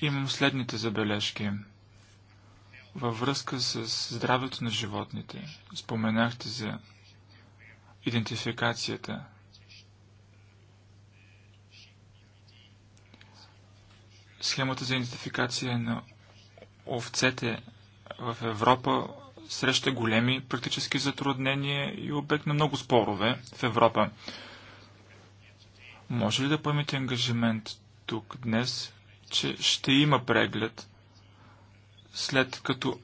Имам следните забележки. Във връзка с здравето на животните, споменахте за идентификацията. Схемата за идентификация на овцете в Европа среща големи практически затруднения и обект на много спорове в Европа. Може ли да поемете ангажимент тук днес, че ще има преглед, след като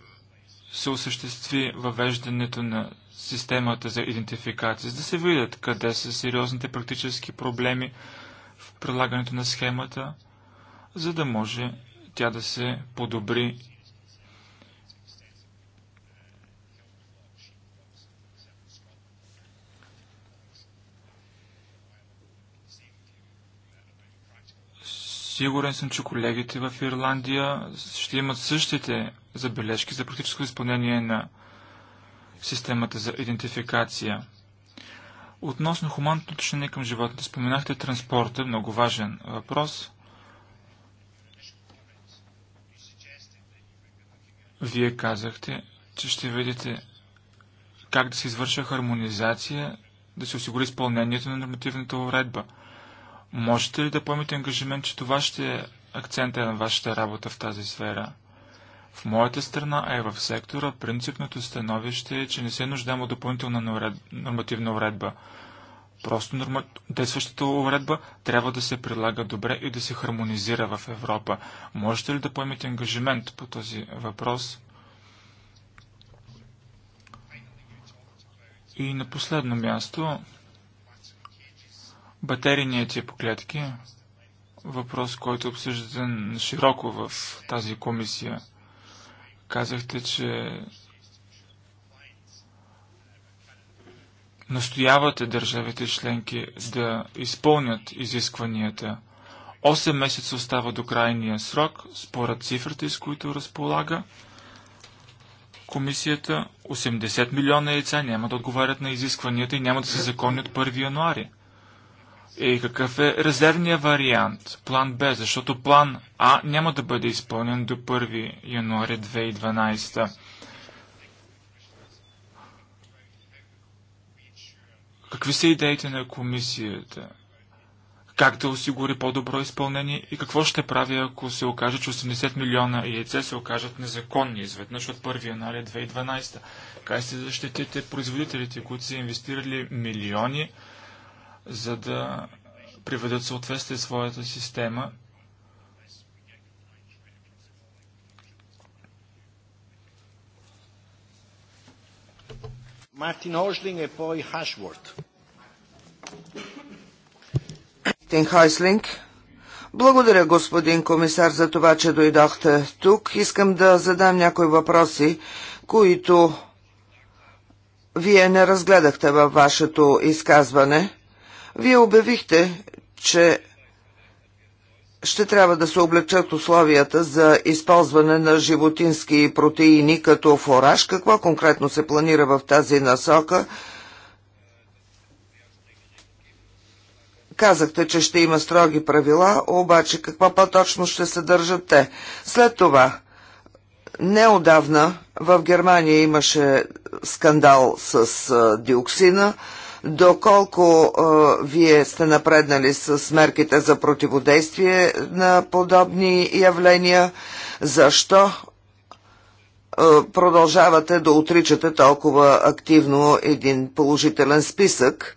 се осъществи въвеждането на системата за идентификация, за да се видят къде са сериозните практически проблеми в прилагането на схемата, за да може тя да се подобри Сигурен съм, че колегите в Ирландия ще имат същите забележки за практическо изпълнение на системата за идентификация. Относно хуманното отношение към животните, споменахте транспорта, много важен въпрос. Вие казахте, че ще видите как да се извършва хармонизация, да се осигури изпълнението на нормативната уредба – Можете ли да поемете ангажимент, че това ще е акцента на вашата работа в тази сфера? В моята страна, а и в сектора, принципното становище е, че не се нуждаем от допълнителна нормативна уредба. Просто норма... действащата уредба трябва да се прилага добре и да се хармонизира в Европа. Можете ли да поемете ангажимент по този въпрос? И на последно място, Батерийният тип клетки, е въпрос, който обсъждате широко в тази комисия. Казахте, че настоявате държавите членки да изпълнят изискванията. 8 месеца остава до крайния срок, според цифрите, с които разполага комисията. 80 милиона яйца няма да отговарят на изискванията и няма да се законят от 1 януари и е какъв е резервния вариант, план Б, защото план А няма да бъде изпълнен до 1 януаря 2012. Какви са идеите на комисията? Как да осигури по-добро изпълнение и какво ще прави, ако се окаже, че 80 милиона яйце се окажат незаконни изведнъж от 1 януаря 2012? Как ще защитите производителите, които са инвестирали милиони? за да приведат съответствие своята система. Мартин Хойслинг е по Хашворд. Мартин Хайслинг, Благодаря, господин комисар, за това, че дойдохте тук. Искам да задам някои въпроси, които вие не разгледахте във вашето изказване. Вие обявихте, че ще трябва да се облегчат условията за използване на животински протеини като фораж. Какво конкретно се планира в тази насока? Казахте, че ще има строги правила, обаче какво по-точно ще се държат те? След това, неодавна в Германия имаше скандал с диоксина – Доколко а, вие сте напреднали с мерките за противодействие на подобни явления? Защо а, продължавате да отричате толкова активно един положителен списък?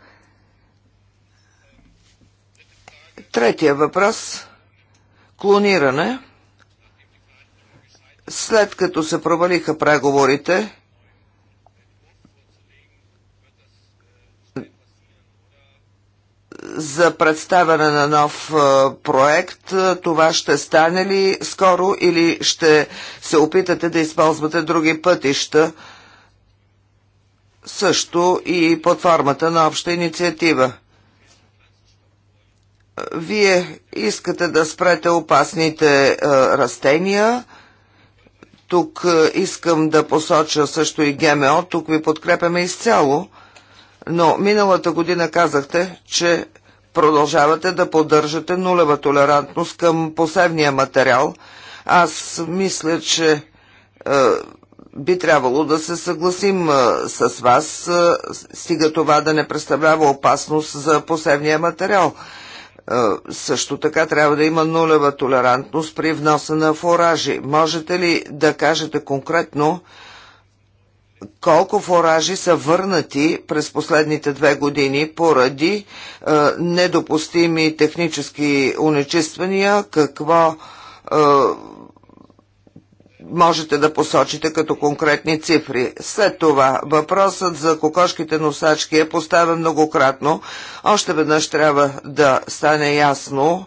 Третия въпрос – клониране. След като се провалиха преговорите, за представяне на нов е, проект. Това ще стане ли скоро или ще се опитате да използвате други пътища? Също и под формата на обща инициатива. Вие искате да спрете опасните е, растения. Тук е, искам да посоча също и ГМО. Тук ви подкрепяме изцяло. Но миналата година казахте, че продължавате да поддържате нулева толерантност към посевния материал. Аз мисля, че е, би трябвало да се съгласим е, с вас, е, стига това да не представлява опасност за посевния материал. Е, също така трябва да има нулева толерантност при вноса на фуражи. Можете ли да кажете конкретно колко форажи са върнати през последните две години поради е, недопустими технически уничествания, какво е, можете да посочите като конкретни цифри. След това въпросът за кокошките носачки е поставен многократно. Още веднъж трябва да стане ясно,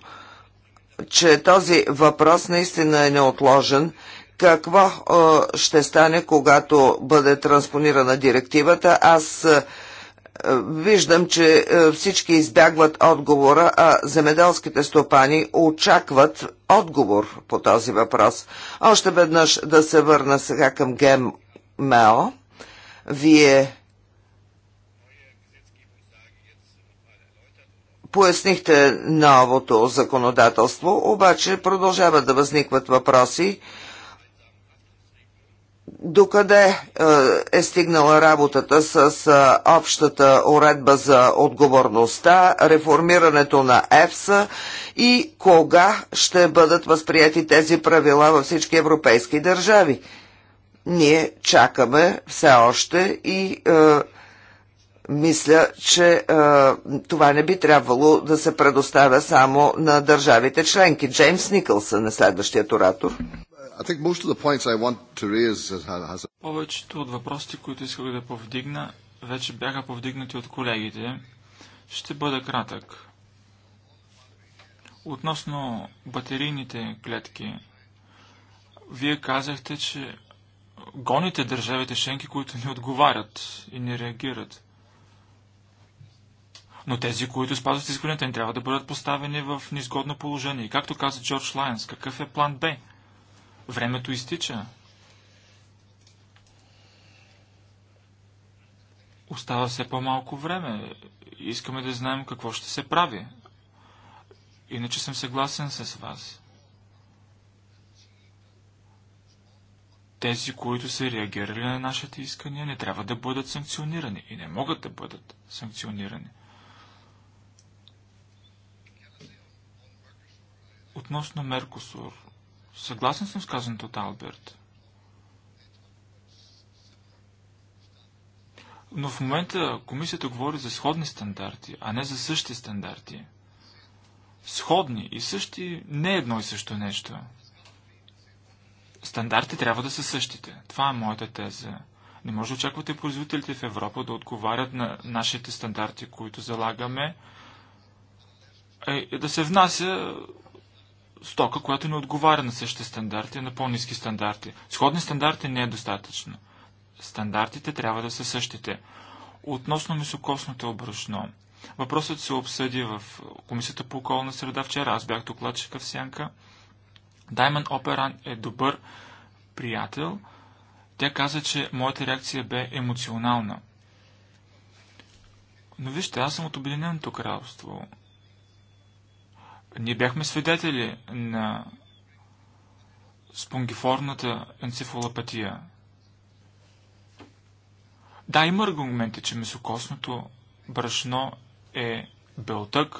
че този въпрос наистина е неотложен какво ще стане, когато бъде транспонирана директивата. Аз виждам, че всички избягват отговора, а земеделските стопани очакват отговор по този въпрос. Още веднъж да се върна сега към ГМО. Вие пояснихте новото законодателство, обаче продължават да възникват въпроси, докъде е, е стигнала работата с е, общата уредба за отговорността, реформирането на ЕФСА и кога ще бъдат възприяти тези правила във всички европейски държави. Ние чакаме все още и е, мисля, че е, това не би трябвало да се предоставя само на държавите членки. Джеймс Никълсън е следващият оратор. Повечето от въпросите, които исках да повдигна, вече бяха повдигнати от колегите. Ще бъда кратък. Относно батерийните клетки, вие казахте, че гоните държавите шенки, които не отговарят и не реагират. Но тези, които спазват изгоните, не трябва да бъдат поставени в неизгодно положение. И както каза Джордж Лайнс, какъв е план Б? Времето изтича. Остава все по-малко време. Искаме да знаем какво ще се прави. Иначе съм съгласен с вас. Тези, които са реагирали на нашите искания, не трябва да бъдат санкционирани и не могат да бъдат санкционирани. Относно Меркосур, Съгласен съм с казаното от Алберт. Но в момента комисията говори за сходни стандарти, а не за същи стандарти. Сходни и същи не е едно и също нещо. Стандарти трябва да са същите. Това е моята теза. Не може да очаквате производителите в Европа да отговарят на нашите стандарти, които залагаме, е да се внася стока, която не отговаря на същите стандарти, на по-низки стандарти. Сходни стандарти не е достатъчно. Стандартите трябва да са същите. Относно високосното обръчно. Въпросът се обсъди в Комисията по околна среда вчера. Аз бях докладчика в Сянка. Дайман Операн е добър приятел. Тя каза, че моята реакция бе емоционална. Но вижте, аз съм от Обединеното кралство. Ние бяхме свидетели на спонгиформната енцефалопатия. Да, има аргументи, че месокосното брашно е белтък,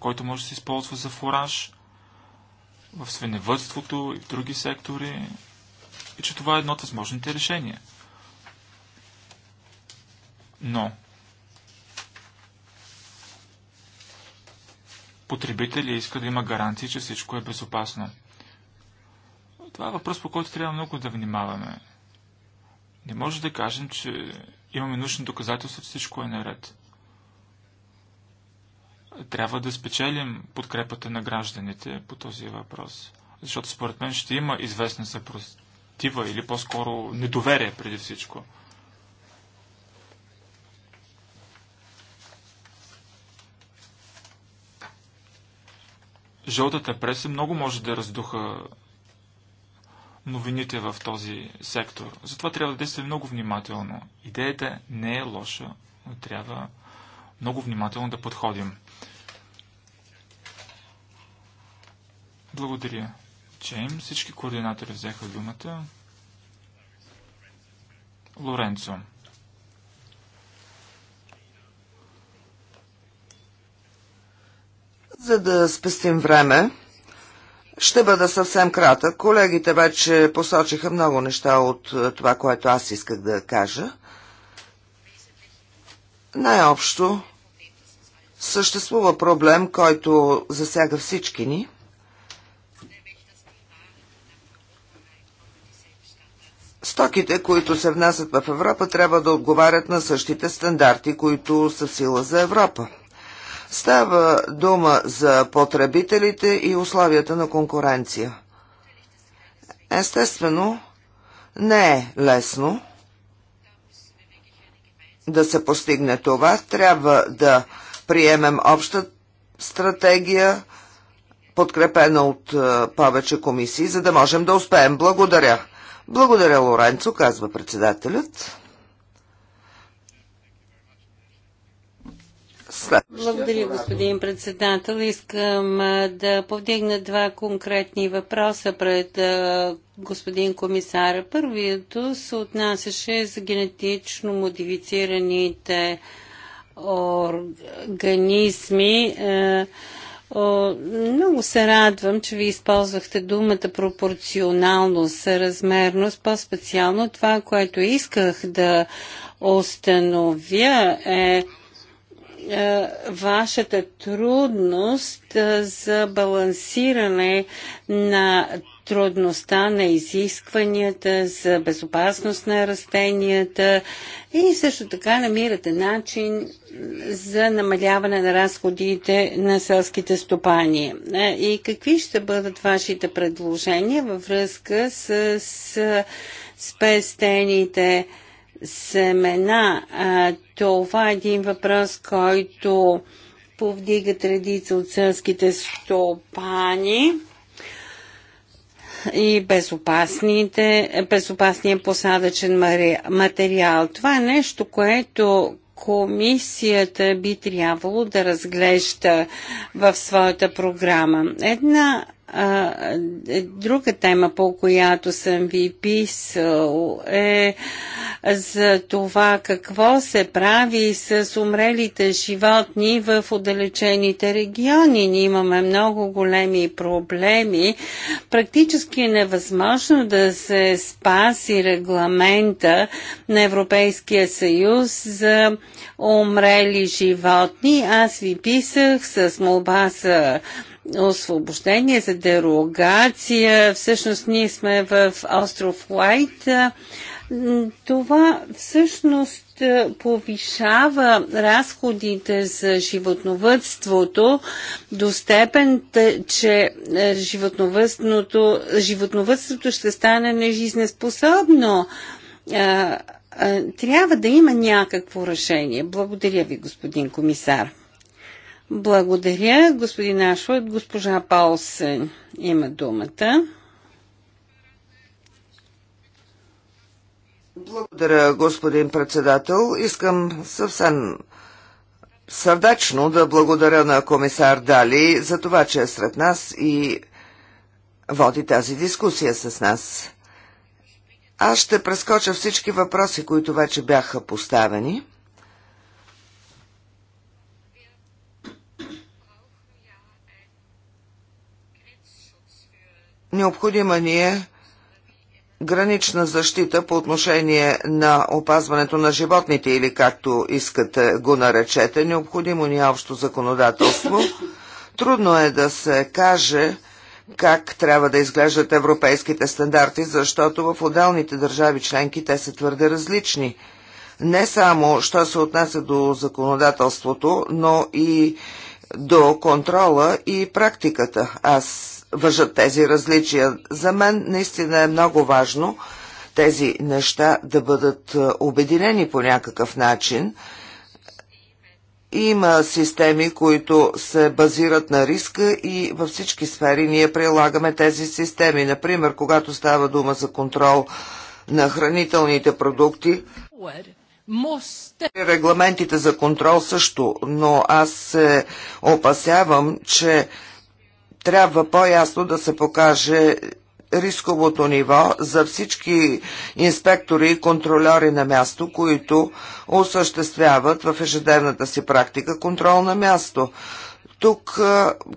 който може да се използва за фураж в свиневътството и в други сектори, и че това е едно от възможните решения. Но потребителя иска да има гаранции, че всичко е безопасно. Това е въпрос, по който трябва много да внимаваме. Не може да кажем, че имаме нужни доказателства, че всичко е наред. Трябва да спечелим подкрепата на гражданите по този въпрос. Защото според мен ще има известна съпротива или по-скоро недоверие преди всичко. жълтата преса много може да раздуха новините в този сектор. Затова трябва да действаме много внимателно. Идеята не е лоша, но трябва много внимателно да подходим. Благодаря, Чейм. Всички координатори взеха думата. Лоренцо. За да спестим време, ще бъда съвсем кратък. Колегите вече посочиха много неща от е, това, което аз исках да кажа. Най-общо съществува проблем, който засяга всички ни. Стоките, които се внасят в Европа, трябва да отговарят на същите стандарти, които са сила за Европа. Става дума за потребителите и условията на конкуренция. Естествено, не е лесно да се постигне това. Трябва да приемем обща стратегия, подкрепена от е, повече комисии, за да можем да успеем. Благодаря. Благодаря, Лоренцо, казва председателят. Благодаря, господин председател. Искам да повдигна два конкретни въпроса пред господин комисар. Първият се отнасяше за генетично модифицираните организми. Много се радвам, че ви използвахте думата пропорционалност, съразмерност, по-специално това, което исках да установя е е, вашата трудност е, за балансиране на трудността на изискванията за безопасност на растенията и също така намирате начин за намаляване на разходите на селските стопани. Е, и какви ще бъдат вашите предложения във връзка с спестените семена. А, това е един въпрос, който повдига традиция от селските стопани и безопасните, безопасния посадъчен материал. Това е нещо, което комисията би трябвало да разглежда в своята програма. Една е, друга тема, по която съм ви писал, е за това какво се прави с умрелите животни в отдалечените региони. Ние имаме много големи проблеми. Практически е невъзможно да се спаси регламента на Европейския съюз за умрели животни. Аз ви писах с молба за освобождение, за дерогация. Всъщност ние сме в остров Лайт. Това всъщност е, повишава разходите за животновътството до степен, че е, животновътството, животновътството ще стане нежизнеспособно. Е, трябва да има някакво решение. Благодаря ви, господин комисар. Благодаря. Господин Ашвард, госпожа Паулсен има думата. Благодаря, господин председател. Искам съвсем сърдечно да благодаря на комисар Дали за това, че е сред нас и води тази дискусия с нас. Аз ще прескоча всички въпроси, които вече бяха поставени. Необходима ни е гранична защита по отношение на опазването на животните или както искате го наречете. Необходимо ни е общо законодателство. Трудно е да се каже как трябва да изглеждат европейските стандарти, защото в отделните държави членки те са твърде различни. Не само, що се отнася до законодателството, но и до контрола и практиката. Аз въжат тези различия. За мен наистина е много важно тези неща да бъдат е, обединени по някакъв начин. Има системи, които се базират на риска и във всички сфери ние прилагаме тези системи. Например, когато става дума за контрол на хранителните продукти, регламентите за контрол също, но аз се опасявам, че трябва по-ясно да се покаже рисковото ниво за всички инспектори и контролери на място, които осъществяват в ежедневната си практика контрол на място. Тук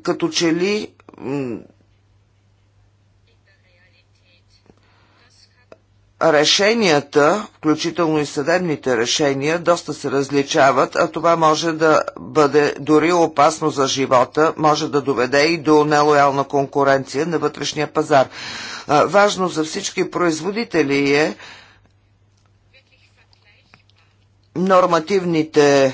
като че ли решенията, включително и съдебните решения, доста се различават, а това може да бъде дори опасно за живота, може да доведе и до нелоялна конкуренция на вътрешния пазар. Важно за всички производители е нормативните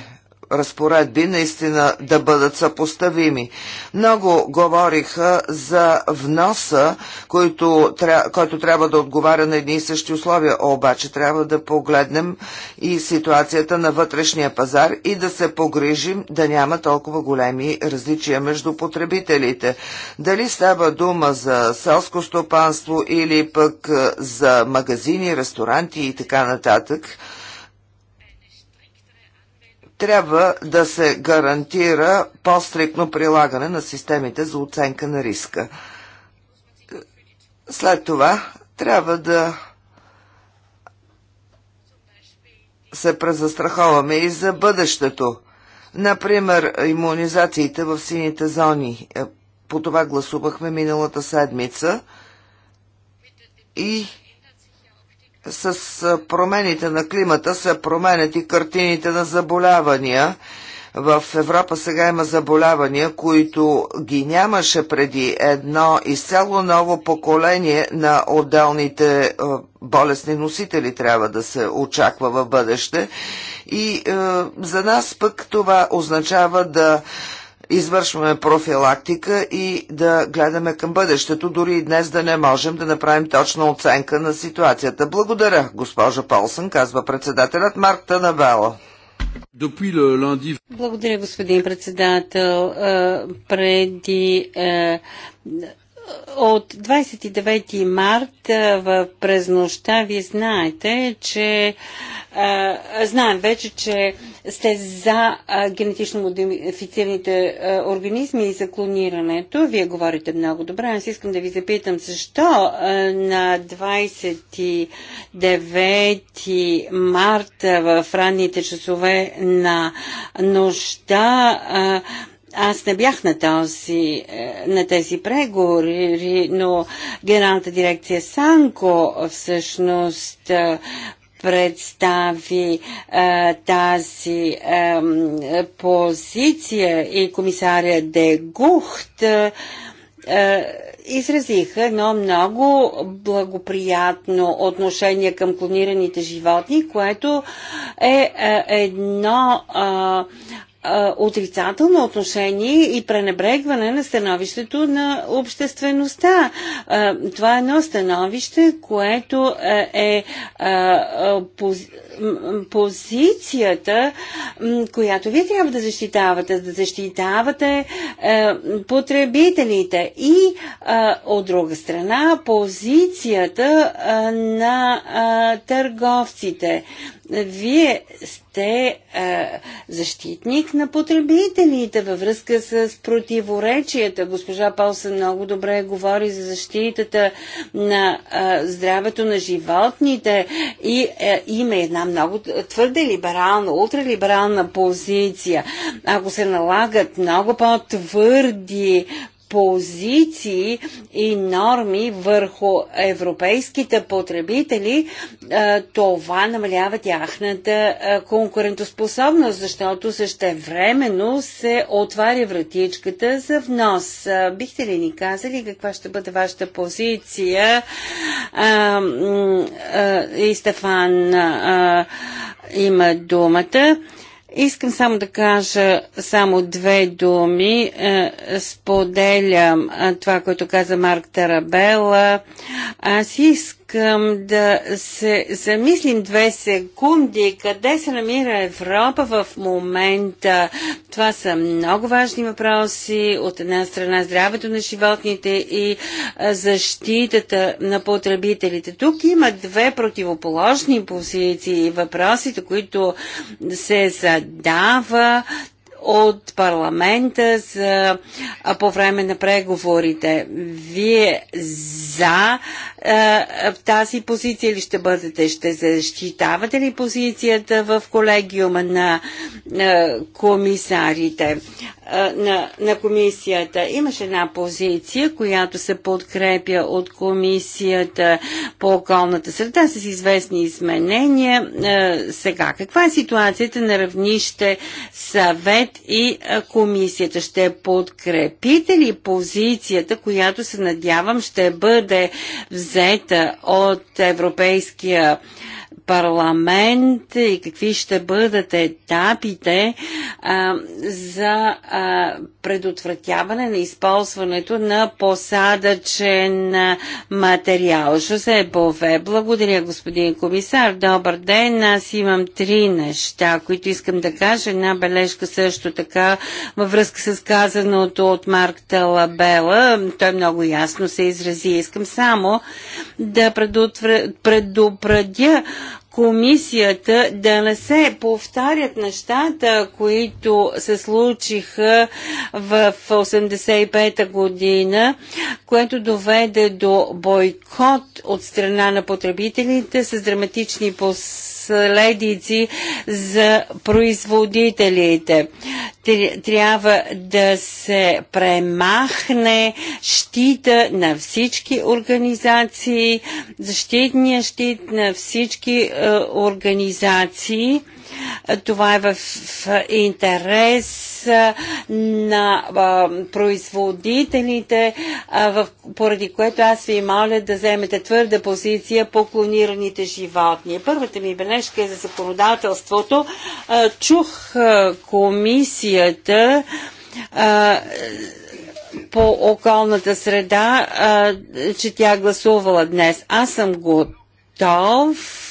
разпоредби наистина да бъдат съпоставими. Много говориха за вноса, който, който трябва да отговаря на едни и същи условия, обаче трябва да погледнем и ситуацията на вътрешния пазар и да се погрижим да няма толкова големи различия между потребителите. Дали става дума за селско стопанство или пък за магазини, ресторанти и така нататък, трябва да се гарантира по-стрикно прилагане на системите за оценка на риска. След това трябва да се презастраховаме и за бъдещето. Например, иммунизациите в сините зони. Е, по това гласувахме миналата седмица и с промените на климата се променят и картините на заболявания. В Европа сега има заболявания, които ги нямаше преди едно изцяло ново поколение на отделните болестни носители трябва да се очаква в бъдеще. И е, за нас пък това означава да извършваме профилактика и да гледаме към бъдещето, дори и днес да не можем да направим точна оценка на ситуацията. Благодаря, госпожа Полсън, казва председателят Марк Танабело. Благодаря, господин председател. Е, преди е, от 29 март е, в през нощта вие знаете, че знаем вече, че сте за генетично модифицираните организми и за клонирането. Вие говорите много добре. Аз искам да ви запитам защо на 29 марта в ранните часове на нощта аз не бях на, този, е, на тези преговори, но генералната дирекция Санко всъщност е, представи а, тази а, позиция и комисаря Дегухт а, изразиха едно много благоприятно отношение към клонираните животни, което е едно а, отрицателно отношение и пренебрегване на становището на обществеността. това е едно становище, което е, позицията, която вие трябва да защитавате, да защитавате потребителите и от друга страна позицията на търговците. Вие сте а, е, защитник на потребителите във връзка с противоречията. Госпожа Палса много добре говори за защитата на а, е, здравето на животните и а, е, има една много твърде либерална, ултралиберална позиция. Ако се налагат много по-твърди позиции и норми върху европейските потребители, е, това намалява тяхната е, конкурентоспособност, защото също времено се отваря вратичката за внос. Е, бихте ли ни казали каква ще бъде вашата позиция? И Стефан има думата. Искам само да кажа само две думи. Е, споделям е, това, което каза Марк Тарабела. Аз искам искам да се замислим две секунди къде се намира Европа в момента. Това са много важни въпроси. От една страна здравето на животните и защитата на потребителите. Тук има две противоположни позиции. Въпросите, които се задава, от парламента за, а, по време на преговорите. Вие за а, тази позиция ли ще бъдете? Ще защитавате ли позицията в колегиума на на комисарите? А, на, на комисията. Имаше една позиция, която се подкрепя от комисията по околната среда с известни изменения. А, сега, каква е ситуацията на равнище съвет съвет и комисията. Ще подкрепите ли позицията, която се надявам ще бъде взета от Европейския парламент? парламент и какви ще бъдат етапите а, за а, предотвратяване на използването на посадъчен материал. Жозе Бове, благодаря господин комисар, добър ден, аз имам три неща, които искам да кажа. Една бележка също така във връзка с казаното от Марк Талабела, той много ясно се изрази. Искам само да предупредя комисията да не се повтарят нещата, които се случиха в 85-та година, което доведе до бойкот от страна на потребителите с драматични последствия последици за производителите. Трябва да се премахне щита на всички организации, защитния щит на всички е, организации това е в интерес на производителите, поради което аз ви моля да вземете твърда позиция по клонираните животни. Първата ми бележка е за законодателството. Чух комисията по околната среда, че тя гласувала днес. Аз съм готов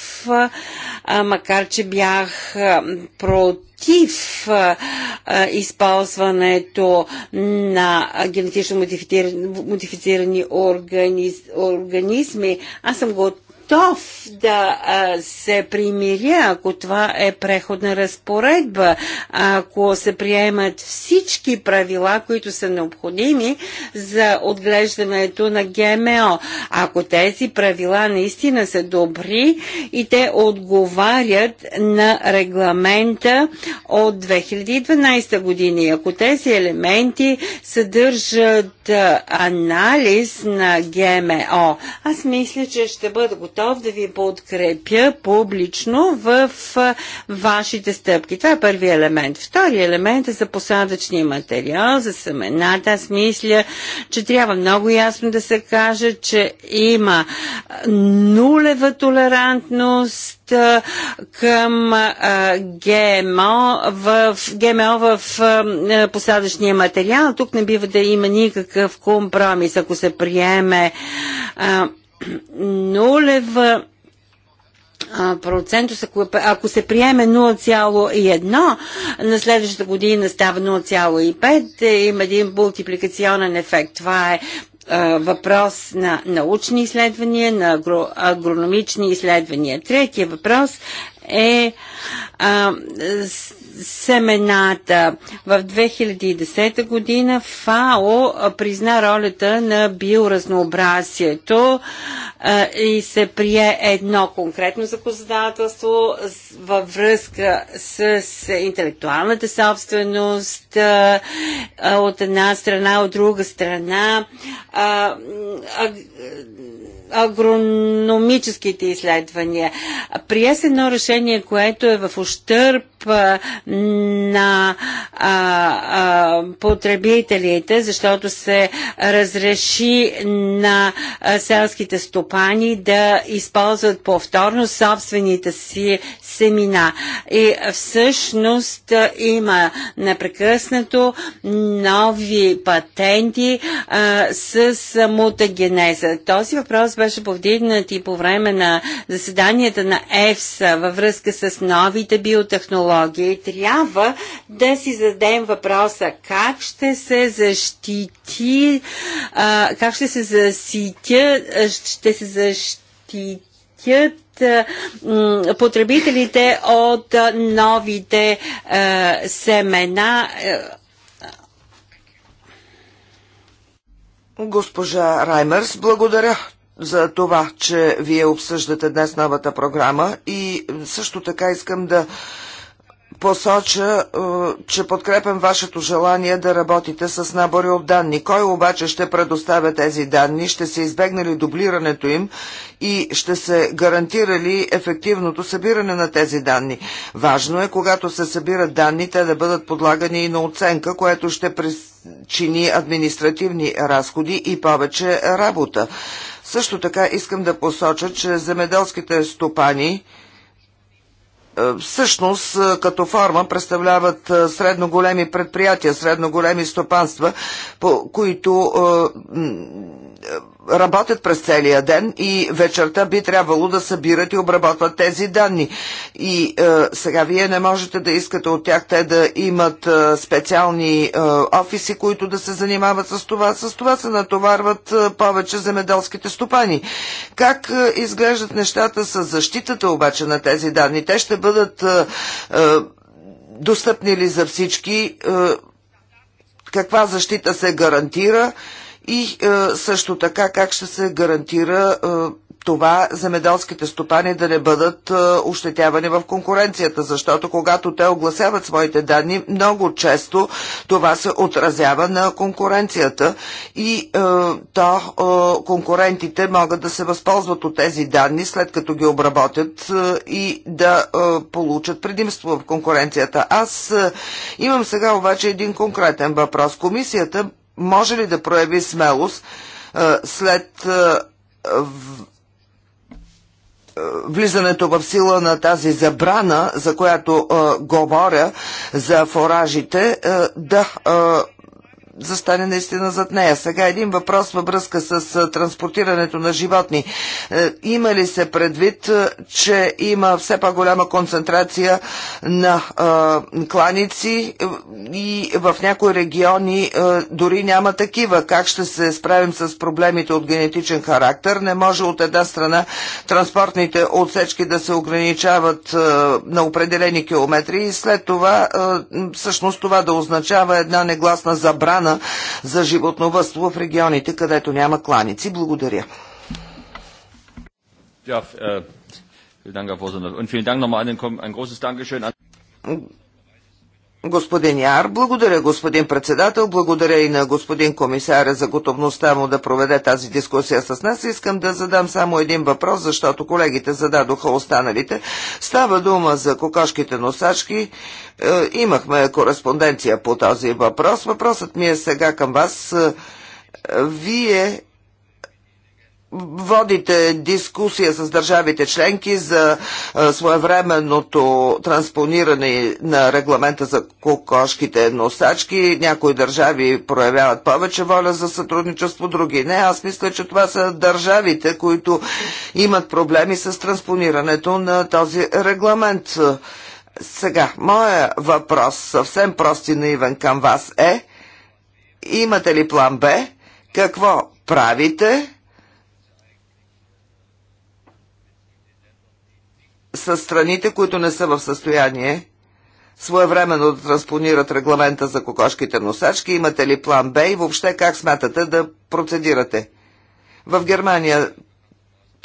макар че бях против използването на генетично модифицирани организми. Аз съм го готов да а, се примиря, ако това е преходна разпоредба, ако се приемат всички правила, които са необходими за отглеждането на ГМО. Ако тези правила наистина са добри и те отговарят на регламента от 2012 години, ако тези елементи съдържат анализ на ГМО, аз мисля, че ще бъда готов готов да ви подкрепя публично в вашите стъпки. Това е първи елемент. Втори елемент е за посадъчния материал, за семената. Аз мисля, че трябва много ясно да се каже, че има нулева толерантност към ГМО в, ГМО в посадъчния материал. Тук не бива да има никакъв компромис. Ако се приеме нулева процент, ако се приеме 0,1, на следващата година става 0,5, е, има един мултипликационен ефект. Това е въпрос на научни изследвания, на агро, агрономични изследвания. Третия въпрос е а, с, семената. В 2010 година ФАО призна ролята на биоразнообразието и се прие едно конкретно законодателство във връзка с интелектуалната собственост от една страна, от друга страна агрономическите изследвания. Прие се едно решение, което е в ущърп на а, а, потребителите, защото се разреши на селските стопани да използват повторно собствените си семена. И всъщност има непрекъснато нови патенти а, с мутагенеза. Този въпрос беше повдигнат и по време на заседанията на ЕФСА във връзка с новите биотехнологии. Трябва да си зададем въпроса как ще се защити, а, как ще се заситя, ще се защити защитят потребителите от новите семена. Е, Госпожа Раймерс, благодаря за това, че вие обсъждате днес новата програма и също така искам да посоча, е, че подкрепям вашето желание да работите с набори от данни. Кой обаче ще предоставя тези данни? Ще се избегне ли дублирането им и ще се гарантира ли ефективното събиране на тези данни? Важно е, когато се събират данни, те да бъдат подлагани и на оценка, което ще причини административни разходи и повече работа. Също така искам да посоча, че земеделските стопани – е, всъщност е, като форма представляват е, средно големи предприятия, средно големи стопанства, по които работят през целия ден и вечерта би трябвало да събират и обработват тези данни. И е, сега вие не можете да искате от тях те да имат е, специални е, офиси, които да се занимават с това. С това се натоварват е, повече земеделските стопани. Как е, изглеждат нещата с защитата обаче на тези данни? Те ще бъдат е, е, достъпни ли за всички? Е, каква защита се гарантира? Е, и е, също така как ще се гарантира е, това земеделските стопани да не бъдат е, ощетявани в конкуренцията, защото когато те огласяват своите данни, много често това се отразява на конкуренцията и е, то е, конкурентите могат да се възползват от тези данни, след като ги обработят е, и да е, получат предимство в конкуренцията. Аз е, имам сега обаче един конкретен въпрос. Комисията може ли да прояви смелост след влизането в сила на тази забрана, за която говоря, за форажите, да застане наистина зад нея. Сега един въпрос във връзка с транспортирането на животни. Е, има ли се предвид, че има все по-голяма концентрация на кланици е, и в някои региони дори няма такива? Как ще се справим с проблемите от генетичен характер? Не може от една страна транспортните отсечки да се ограничават на определени километри и след това всъщност това да означава една негласна забрана забрана за животновътство в регионите, където няма кланици. Благодаря. Äh, Господин Яр, благодаря господин председател, благодаря и на господин комисаря за готовността му да проведе тази дискусия с нас. Искам да задам само един въпрос, защото колегите зададоха останалите. Става дума за кокошките носачки. Е, имахме кореспонденция по този въпрос. Въпросът ми е сега към вас. Е, вие водите дискусия с държавите членки за е, своевременното транспониране на регламента за кокошките носачки. Някои държави проявяват повече воля за сътрудничество, други не. Аз мисля, че това са държавите, които имат проблеми с транспонирането на този регламент. Сега, моя въпрос, съвсем прост и наивен към вас е, имате ли план Б? Какво правите? с страните, които не са в състояние своевременно да транспонират регламента за кокошките носачки? Имате ли план Б и въобще как смятате да процедирате? В Германия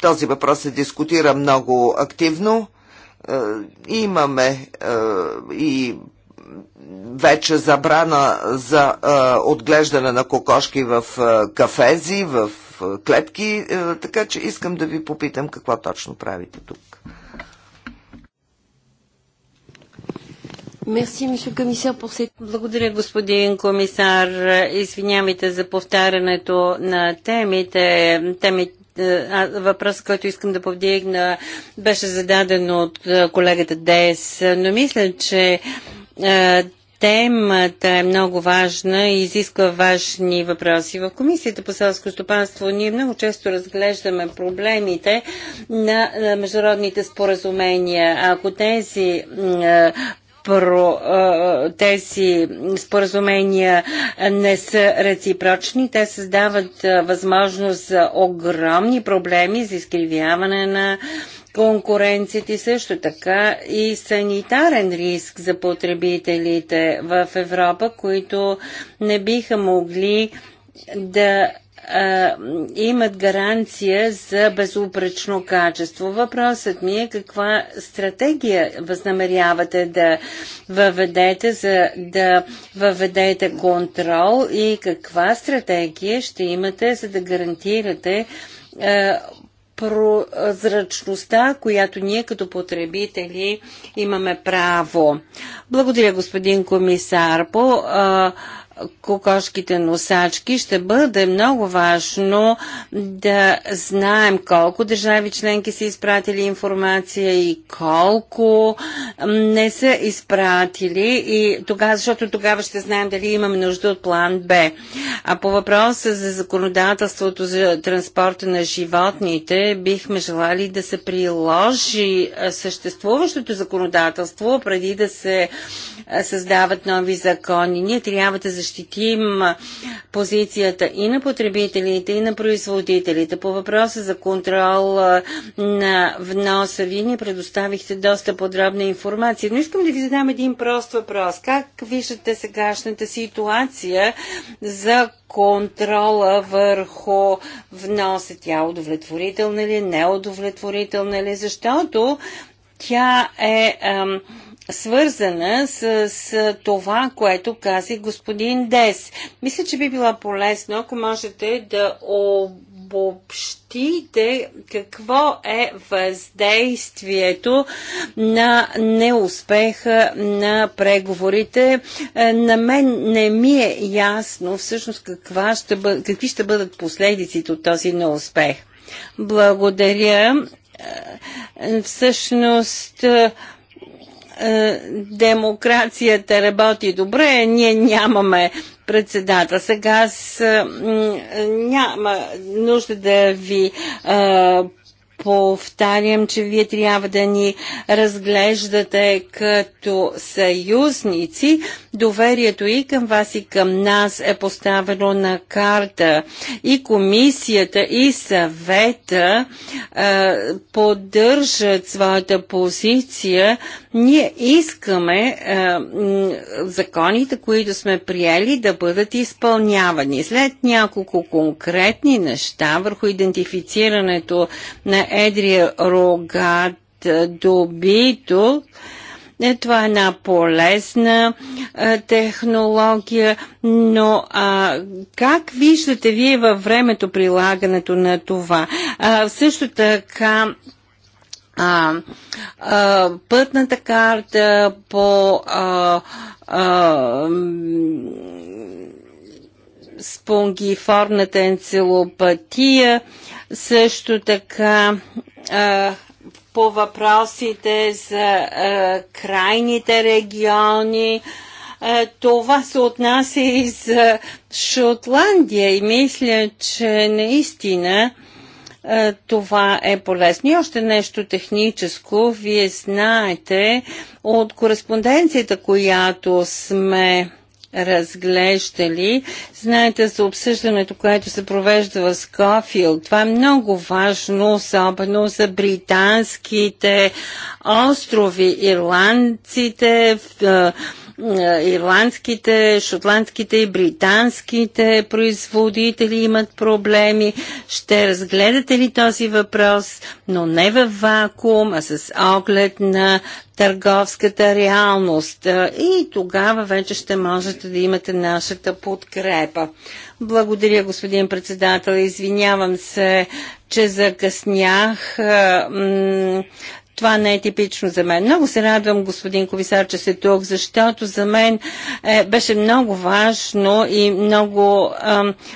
този въпрос се дискутира много активно. Е, имаме е, и вече забрана за е, отглеждане на кокошки в кафези, в клетки, така че искам да ви попитам какво точно правите тук. Благодаря, господин комисар. Извинявайте за повтарянето на темите. Темите въпрос, който искам да повдигна, беше зададен от колегата Дес, но мисля, че Темата е много важна и изисква важни въпроси. В Комисията по селско стопанство ние много често разглеждаме проблемите на международните споразумения. Ако тези про, тези споразумения не са реципрочни. Те създават възможност за огромни проблеми за изкривяване на конкуренцията и също така и санитарен риск за потребителите в Европа, които не биха могли да имат гаранция за безупречно качество. Въпросът ми е каква стратегия възнамерявате да въведете, за да въведете контрол и каква стратегия ще имате, за да гарантирате прозрачността, която ние като потребители имаме право. Благодаря, господин комисар. По а, кокошките носачки, ще бъде много важно да знаем колко държави членки са изпратили информация и колко не са изпратили, и тогава, защото тогава ще знаем дали имаме нужда от план Б. А по въпроса за законодателството за транспорта на животните, бихме желали да се приложи съществуващото законодателство преди да се създават нови закони. Ние трябва да защитим защитим позицията и на потребителите, и на производителите. По въпроса за контрол на вноса, вие ни предоставихте доста подробна информация, но искам да ви задам един прост въпрос. Как виждате сегашната ситуация за контрола върху вноса? Тя удовлетворителна ли, е, неудовлетворителна ли? Е? Защото тя е ам, свързана с, с това, което каза господин Дес. Мисля, че би била полезно, ако можете да обобщите какво е въздействието на неуспеха на преговорите. Е, на мен не ми е ясно всъщност каква ще бъ... какви ще бъдат последиците от този неуспех. Благодаря. Е, всъщност, е, е, демокрацията работи добре, ние нямаме председател. Сега аз няма нужда да ви а, е, повтарям, че вие трябва да ни разглеждате като съюзници. Доверието и към вас и към нас е поставено на карта. И комисията, и съвета е, поддържат своята позиция. Ние искаме е, законите, които сме приели, да бъдат изпълнявани. След няколко конкретни неща върху идентифицирането на едрия рогат е, добито. Е, това е една полезна е, технология, но а, как виждате вие във времето прилагането на това? А, също така а, а, пътната карта по а, а, спонгиформната енцелопатия. А, също така а, по въпросите за а, крайните региони, това се отнася и за Шотландия и мисля, че наистина това е полезно. И още нещо техническо. Вие знаете от кореспонденцията, която сме разглеждали. Знаете за обсъждането, което се провежда в Скофил. Това е много важно, особено за британските острови, ирландците, в, е, ирландските, шотландските и британските производители имат проблеми. Ще разгледате ли този въпрос, но не в вакуум, а с оглед на търговската реалност. Е, и тогава вече ще можете да имате нашата подкрепа. Благодаря, господин председател. Извинявам се, че закъснях. Това не е типично за мен. Много се радвам, господин комисар, че сте тук, защото за мен е, беше много важно и много,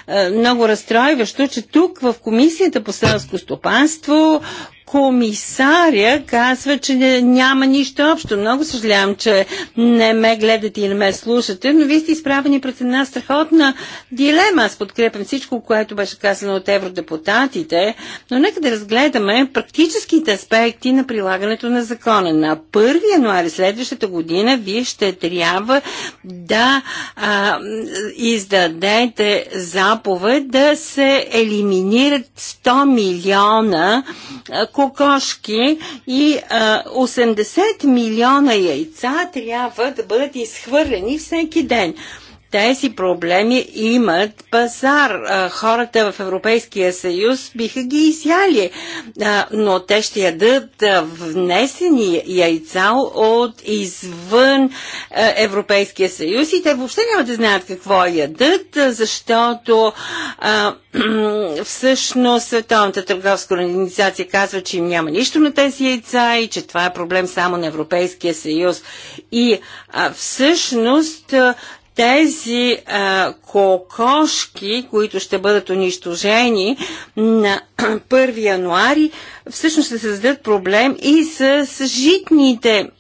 е, е, много разстройващо, че тук в Комисията по селско стопанство, комисаря казва, че няма нищо общо. Много съжалявам, че не ме гледате и не ме слушате, но вие сте изправени пред една страхотна дилема. Аз подкрепям всичко, което беше казано от евродепутатите, но нека да разгледаме практическите аспекти на прилагането на закона. На 1 януари следващата година вие ще трябва да а, издадете заповед да се елиминират 100 милиона, а, кокошки и а, 80 милиона яйца трябва да бъдат изхвърлени всеки ден тези проблеми имат пазар. Хората в Европейския съюз биха ги изяли, но те ще ядат внесени яйца от извън Европейския съюз и те въобще няма да знаят какво ядат, защото всъщност Световната търговска организация казва, че им няма нищо на тези яйца и че това е проблем само на Европейския съюз. И всъщност тези а, кокошки, които ще бъдат унищожени на 1 януари, всъщност ще създадат проблем и с, с житните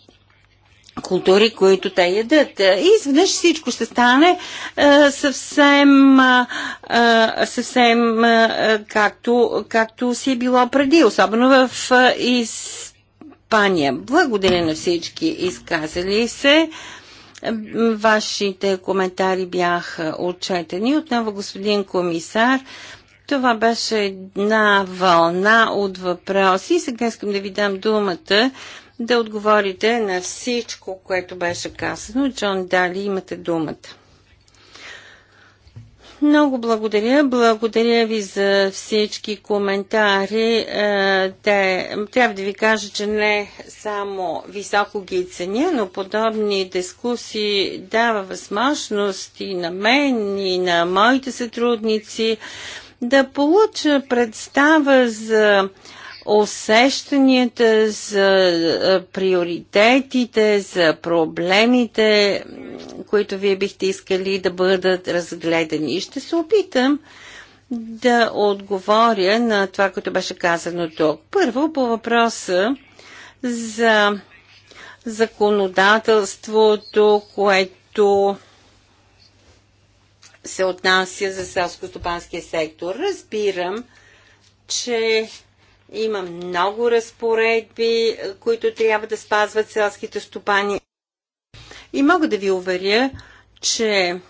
култури, които те ядат. И изведнъж всичко ще стане а, съвсем, а, съвсем а, както, както си е било преди, особено в а, Испания. Благодаря на всички изказали се. Вашите коментари бяха отчетени. Отново, господин комисар, това беше една вълна от въпроси. Сега искам да ви дам думата да отговорите на всичко, което беше казано. Джон Дали, имате думата. Много благодаря. Благодаря ви за всички коментари. Е, те, трябва да ви кажа, че не само високо ги ценя, но подобни дискусии дава възможност и на мен, и на моите сътрудници да получа представа за усещанията за приоритетите, за проблемите, които вие бихте искали да бъдат разгледани. И ще се опитам да отговоря на това, което беше казано тук. Първо по въпроса за законодателството, което се отнася за селско-стопанския сектор. Разбирам, че има много разпоредби, е, които трябва да спазват селските стопани. И мога да ви уверя, че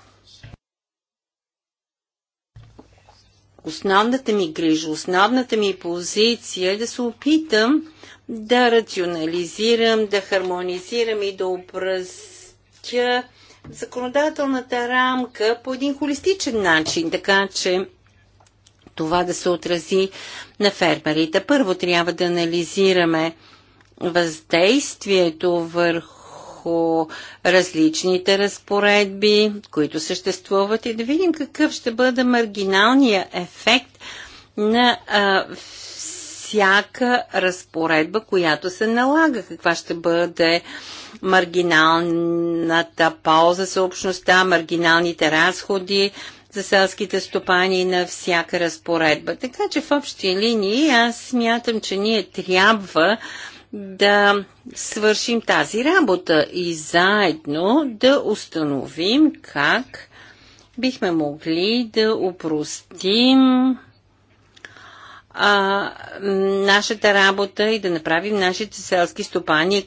основната ми грижа, основната ми позиция е да се опитам да рационализирам, да хармонизирам и да обръстя законодателната рамка по един холистичен начин, така че това да се отрази на фермерите. Първо трябва да анализираме въздействието върху различните разпоредби, които съществуват и да видим какъв ще бъде маргиналния ефект на а, всяка разпоредба, която се налага, каква ще бъде маргиналната полза за общността, маргиналните разходи за селските стопани на всяка разпоредба. Така че в общи линии аз смятам, че ние трябва да свършим тази работа и заедно да установим как бихме могли да упростим а, нашата работа и да направим нашите селски стопани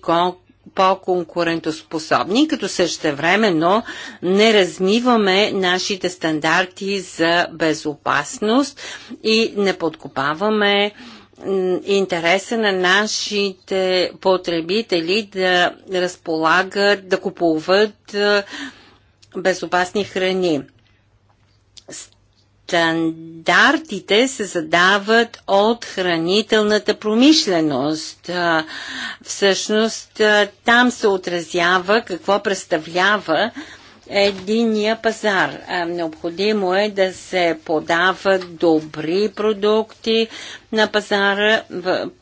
по-конкурентоспособни, като същевременно не размиваме нашите стандарти за безопасност и не подкопаваме интереса на нашите потребители да разполагат, да купуват безопасни храни стандартите се задават от хранителната промишленост. Всъщност там се отразява какво представлява единия пазар. Необходимо е да се подават добри продукти на пазара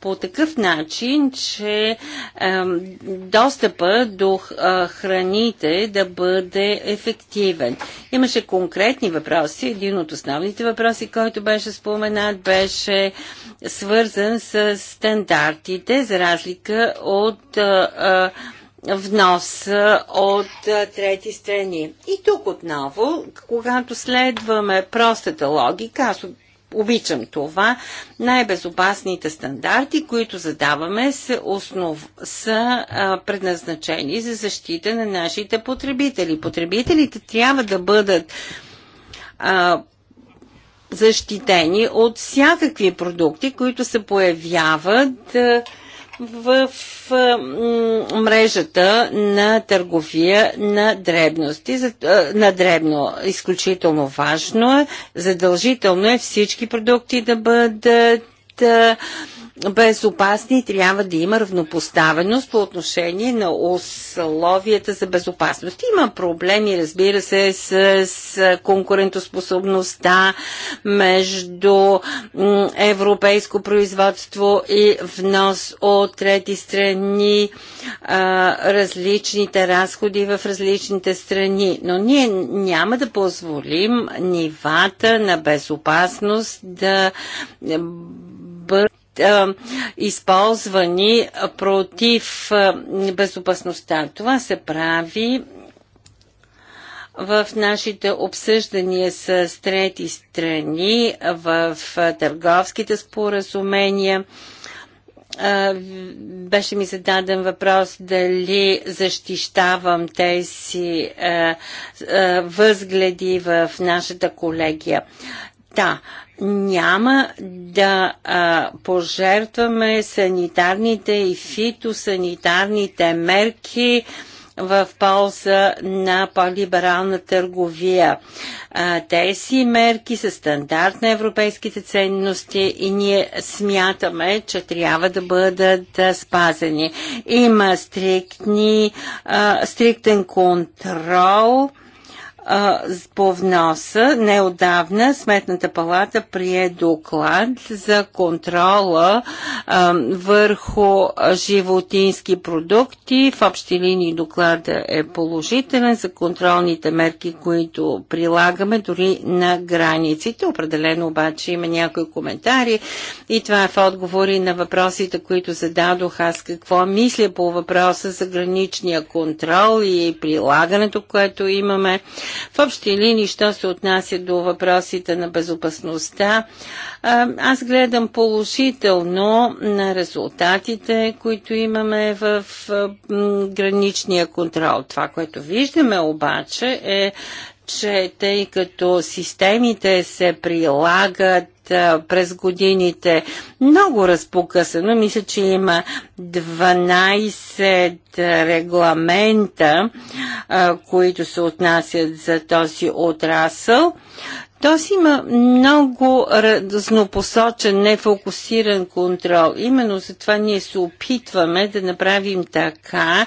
по такъв начин, че достъпа до храните да бъде ефективен. Имаше конкретни въпроси. Един от основните въпроси, който беше споменат, беше свързан с стандартите, за разлика от внос от трети страни. И тук отново, когато следваме простата логика, аз обичам това, най-безопасните стандарти, които задаваме, са, основ, са предназначени за защита на нашите потребители. Потребителите трябва да бъдат защитени от всякакви продукти, които се появяват. А, в мрежата на търговия на дребности. На дребно изключително важно е, задължително е всички продукти да бъдат безопасни, трябва да има равнопоставеност по отношение на условията за безопасност. Има проблеми, разбира се, с, с конкурентоспособността между европейско производство и внос от трети страни, различните разходи в различните страни. Но ние няма да позволим нивата на безопасност да бъдат използвани против безопасността. Това се прави в нашите обсъждания с трети страни, в търговските споразумения. Беше ми зададен въпрос дали защищавам тези възгледи в нашата колегия. Да, няма да а, пожертваме санитарните и фитосанитарните мерки в полза на по-либерална търговия. А, тези мерки са стандарт на европейските ценности и ние смятаме, че трябва да бъдат а, спазени. Има стриктни, а, стриктен контрол по вноса. Неодавна Сметната палата прие доклад за контрола а, върху животински продукти. В общи линии доклада е положителен за контролните мерки, които прилагаме дори на границите. Определено обаче има някои коментари и това е в отговори на въпросите, които зададох аз какво мисля по въпроса за граничния контрол и прилагането, което имаме в общи линии, що се отнася до въпросите на безопасността, аз гледам положително на резултатите, които имаме в граничния контрол. Това, което виждаме обаче е, че тъй като системите се прилагат през годините много разпокъсано. Мисля, че има 12 регламента, които се отнасят за този отрасъл. Този има много разнопосочен, нефокусиран контрол. Именно затова ние се опитваме да направим така,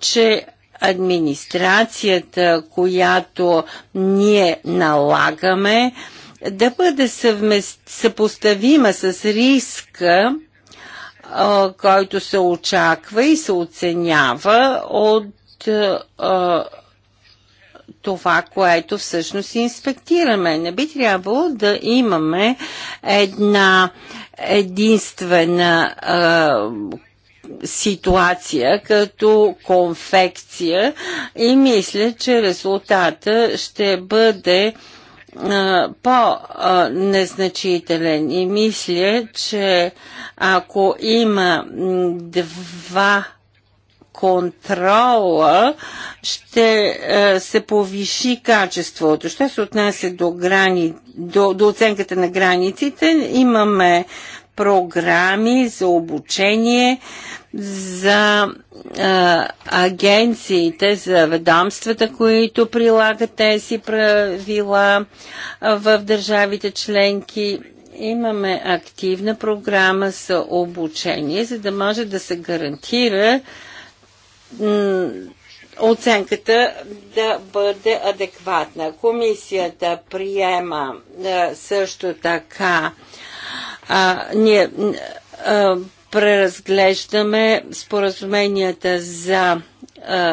че администрацията, която ние налагаме, да бъде съвмест, съпоставима с риска, който се очаква и се оценява от това, което всъщност инспектираме. Не би трябвало да имаме една единствена А, ситуация като конфекция и мисля, че резултата ще бъде по-незначителен и мисля, че ако има два контрола ще се повиши качеството. Ще се отнася до, грани, до, до оценката на границите. Имаме програми за обучение за а, агенциите, за ведомствата, които прилагат тези правила в държавите членки. Имаме активна програма за обучение, за да може да се гарантира оценката да бъде адекватна. Комисията приема също така а, ние, а, преразглеждаме споразуменията за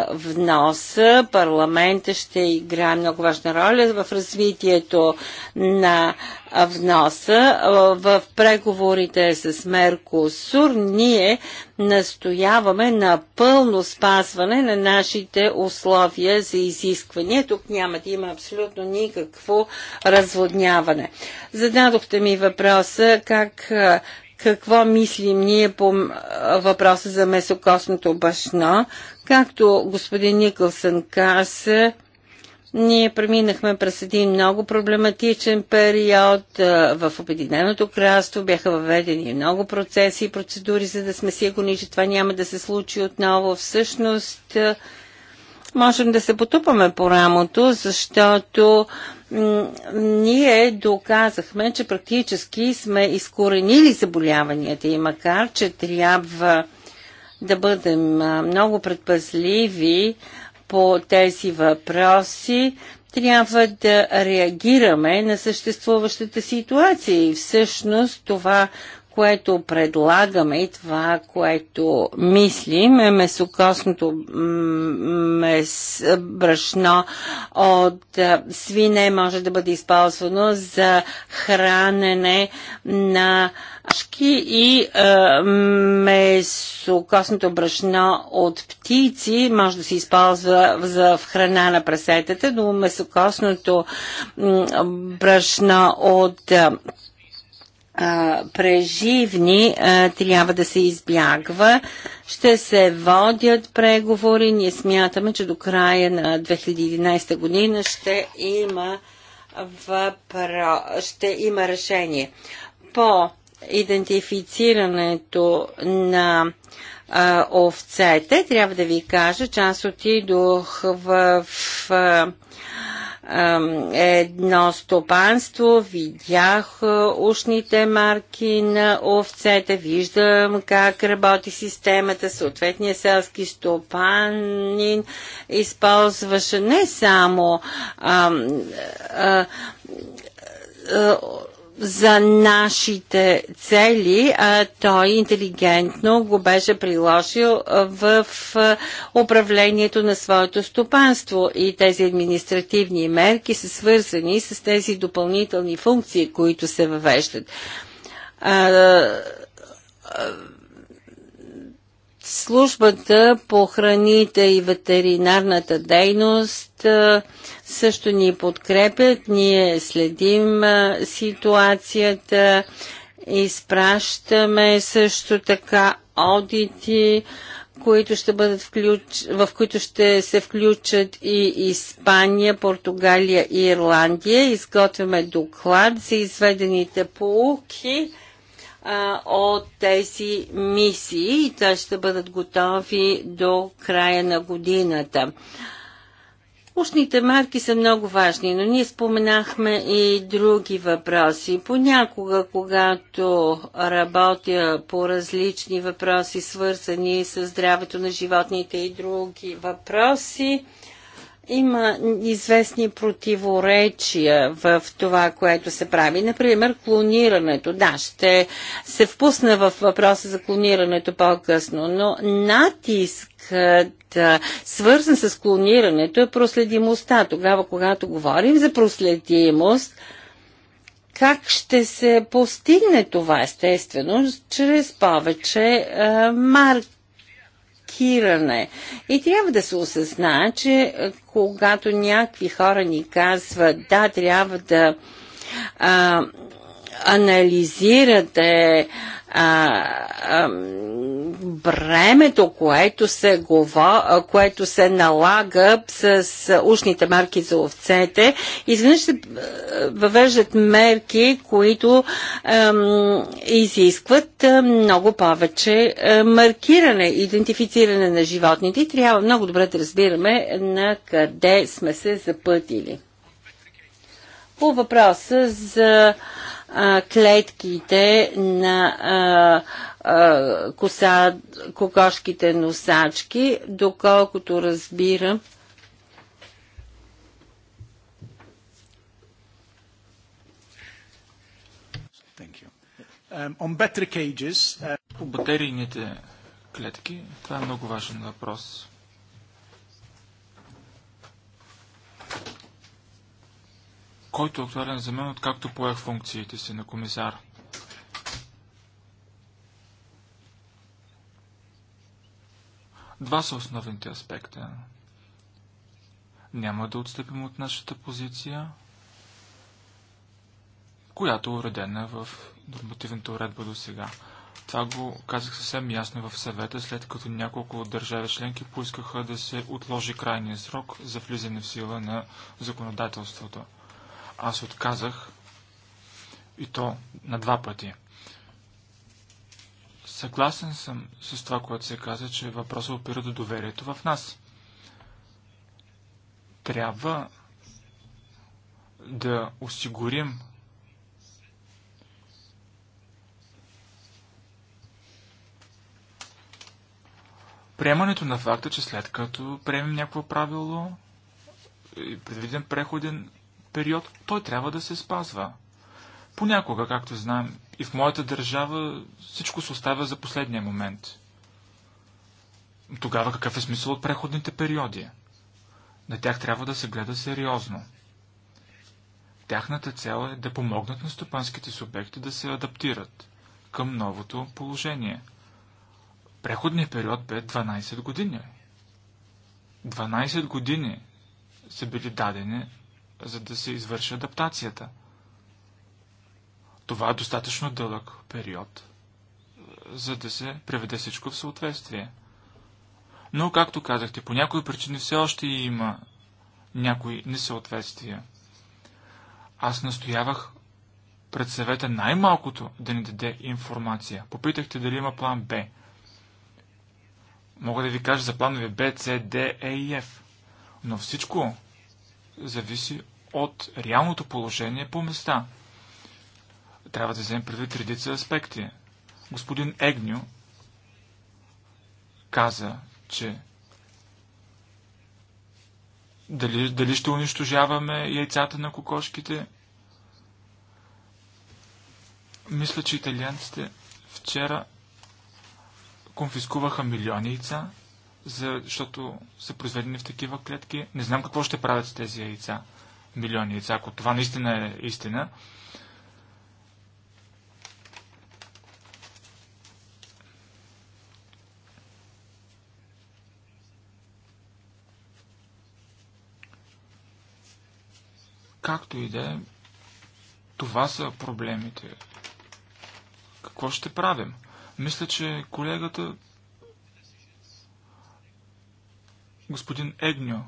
вноса. Парламента ще играе много важна роля в развитието на вноса. В преговорите с Меркосур ние настояваме на пълно спазване на нашите условия за изисквания. Тук няма да има абсолютно никакво разводняване. Зададохте ми въпроса как какво мислим ние по въпроса за месокосното башно. Както господин Никълсън каза, ние преминахме през един много проблематичен период. В Обединеното кралство бяха въведени много процеси и процедури, за да сме сигурни, че това няма да се случи отново. Всъщност, можем да се потупаме по рамото, защото ние доказахме, че практически сме изкоренили заболяванията и макар, че трябва да бъдем много предпазливи по тези въпроси, трябва да реагираме на съществуващата ситуация и всъщност това което предлагаме и това, което мислим е месокосното мес, брашно от свине може да бъде използвано за хранене на ашки и е, месокосното брашно от птици може да се използва за храна на прасетата, но месокосното брашно от преживни трябва да се избягва. Ще се водят преговори. Ние смятаме, че до края на 2011 година ще има, въпро... ще има решение. По идентифицирането на овцете, трябва да ви кажа, че аз отидох в, в едно стопанство, видях е, ушните марки на овцете, виждам как работи системата, съответния селски стопанин използваше не само а, а, а, за нашите цели, а той интелигентно го беше приложил в управлението на своето стопанство и тези административни мерки са свързани с тези допълнителни функции, които се въвеждат. Службата по храните и ветеринарната дейност – също ни подкрепят. Ние следим ситуацията, изпращаме също така одити, които ще бъдат включ... в които ще се включат и Испания, Португалия и Ирландия. Изготвяме доклад за изведените полуки а, от тези мисии и те ще бъдат готови до края на годината. Устните марки са много важни, но ние споменахме и други въпроси. Понякога, когато работя по различни въпроси, свързани с здравето на животните и други въпроси, има известни противоречия в това, което се прави. Например, клонирането. Да, ще се впусна в въпроса за клонирането по-късно, но натиск свързан с клонирането е проследимостта. Тогава, когато говорим за проследимост, как ще се постигне това, естествено, чрез повече а, марки блокиране. И трябва да се осъзнае, че е, когато някакви хора ни казват, да, трябва да а, анализирате а, а, бремето, което се, гова, което се налага с, с ушните марки за овцете, изведнъж се въвеждат мерки, които а, изискват много повече маркиране, идентифициране на животните и трябва много добре да разбираме на къде сме се запътили. По въпроса за а, а, клетките на а, а, коса, кокошките носачки, доколкото разбирам. Um, uh, По батерийните клетки, това е много важен въпрос. който е актуален за мен, откакто поех функциите си на комисар. Два са основните аспекта. Няма да отстъпим от нашата позиция, която е уредена в нормативната уредба до сега. Това го казах съвсем ясно в съвета, след като няколко държави членки поискаха да се отложи крайния срок за влизане в сила на законодателството. Аз отказах и то на два пъти. Съгласен съм с това, което се каза, че въпросът опира до доверието в нас. Трябва да осигурим приемането на факта, че след като приемем някакво правило, предвиден преходен период, той трябва да се спазва. Понякога, както знаем, и в моята държава всичко се оставя за последния момент. Тогава какъв е смисъл от преходните периоди? На тях трябва да се гледа сериозно. Тяхната цел е да помогнат на стопанските субекти да се адаптират към новото положение. Преходният период бе 12 години. 12 години са били дадени за да се извърши адаптацията. Това е достатъчно дълъг период, за да се преведе всичко в съответствие. Но, както казахте, по някои причини все още има някои несъответствия. Аз настоявах пред съвета най-малкото да ни даде информация. Попитахте дали има план Б. Мога да ви кажа за планове Б, С, Д, Е и Ф. Но всичко, зависи от реалното положение по места. Трябва да вземем предвид редица аспекти. Господин Егню каза, че дали, дали ще унищожаваме яйцата на кокошките. Мисля, че италианците вчера конфискуваха милиони яйца защото са произведени в такива клетки. Не знам какво ще правят с тези яйца, милиони яйца, ако това наистина е истина. Както и да е, това са проблемите. Какво ще правим? Мисля, че колегата Господин Егньо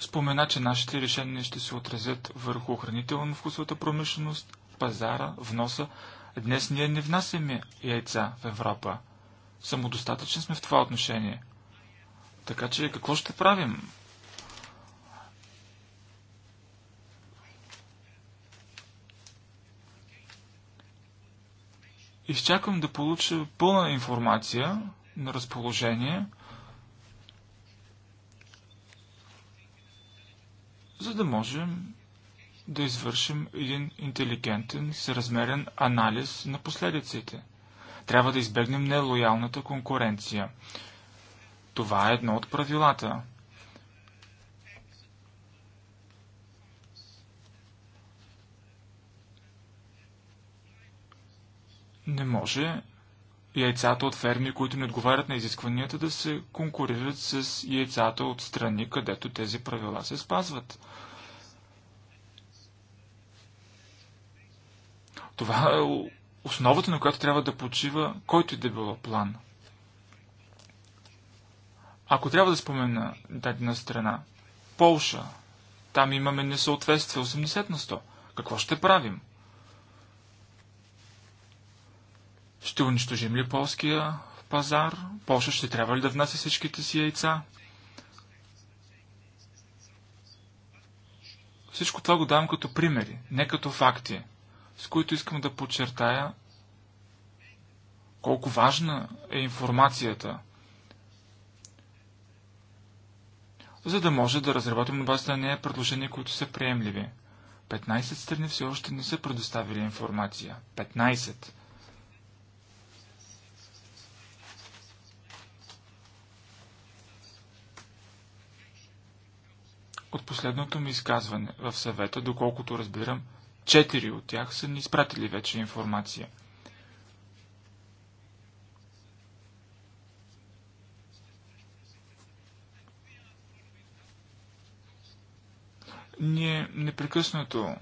спомена, че нашите решения ще се отразят върху хранително-вкусовата промишленост, пазара, вноса. Днес ние не внасяме яйца в Европа. Самодостатъчни сме в това отношение. Така че какво ще правим? Изчаквам да получа пълна информация на разположение, за да можем да извършим един интелигентен, съразмерен анализ на последиците. Трябва да избегнем нелоялната конкуренция. Това е едно от правилата. Не може яйцата от ферми, които не отговарят на изискванията, да се конкурират с яйцата от страни, където тези правила се спазват. Това е основата, на която трябва да почива който и да било план. Ако трябва да спомена дадена страна, Полша, там имаме несъответствие 80 на 100. Какво ще правим? Ще унищожим ли полския пазар? Полша ще трябва ли да внася всичките си яйца? Всичко това го давам като примери, не като факти, с които искам да подчертая колко важна е информацията, за да може да разработим на базата на нея предложения, които са приемливи. 15 страни все още не са предоставили информация. 15. От последното ми изказване в съвета, доколкото разбирам, четири от тях са ни изпратили вече информация. Ние непрекъснато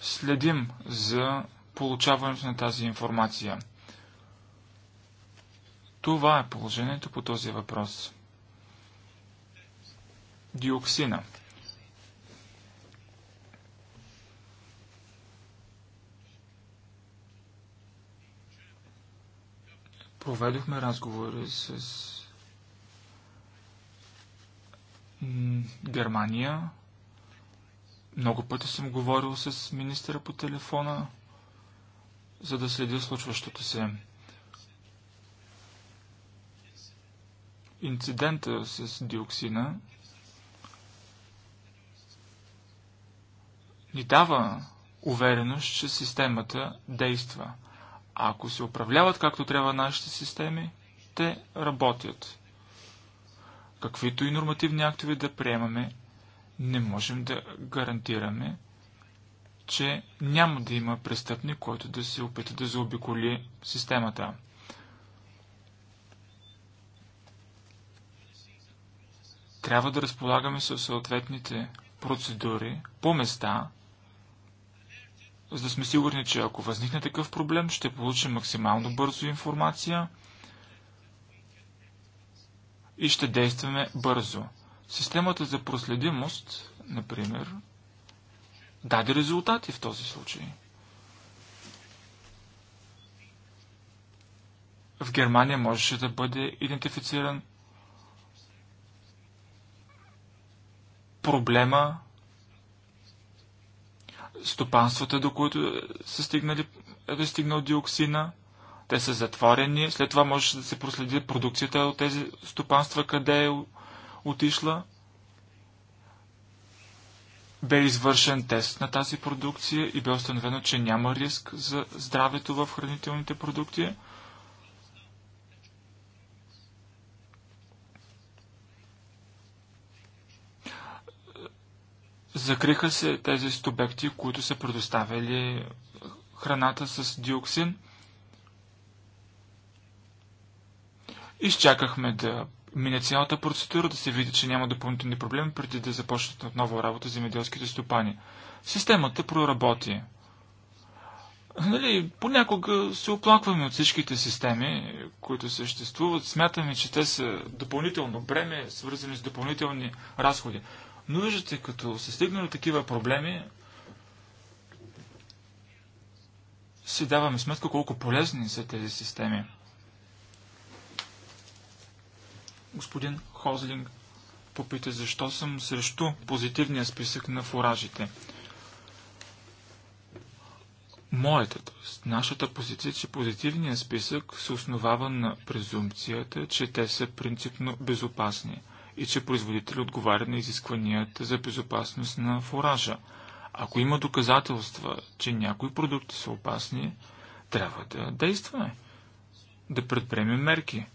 следим за получаването на тази информация. Това е положението по този въпрос диоксина. Проведохме разговори с Германия. Много пъти съм говорил с министъра по телефона, за да следи случващото се. Инцидента с диоксина ни дава увереност, че системата действа. А ако се управляват както трябва нашите системи, те работят. Каквито и нормативни актове да приемаме, не можем да гарантираме, че няма да има престъпник, който да се опита да заобиколи системата. Трябва да разполагаме със съответните процедури по места, за да сме сигурни, че ако възникне такъв проблем, ще получим максимално бързо информация и ще действаме бързо. Системата за проследимост, например, даде резултати в този случай. В Германия можеше да бъде идентифициран проблема стопанствата, до които са стигнали, е стигнал диоксина. Те са затворени. След това може да се проследи продукцията от тези стопанства, къде е отишла. Бе извършен тест на тази продукция и бе установено, че няма риск за здравето в хранителните продукти. Закриха се тези субекти, които са предоставили храната с диоксин. Изчакахме да мине цялата процедура, да се види, че няма допълнителни проблеми, преди да започнат отново работа земеделските стопани. Системата проработи. Нали, понякога се оплакваме от всичките системи, които съществуват. Смятаме, че те са допълнително бреме, свързани с допълнителни разходи. Но виждате, като се стигне до такива проблеми, си даваме сметка колко полезни са тези системи. Господин Хозлинг попита защо съм срещу позитивния списък на фуражите. Моята, т.е. нашата позиция, е, че позитивният списък се основава на презумпцията, че те са принципно безопасни – и че производителят отговаря на изискванията за безопасност на фуража. Ако има доказателства, че някои продукти са опасни, трябва да действаме, да предприемем мерки.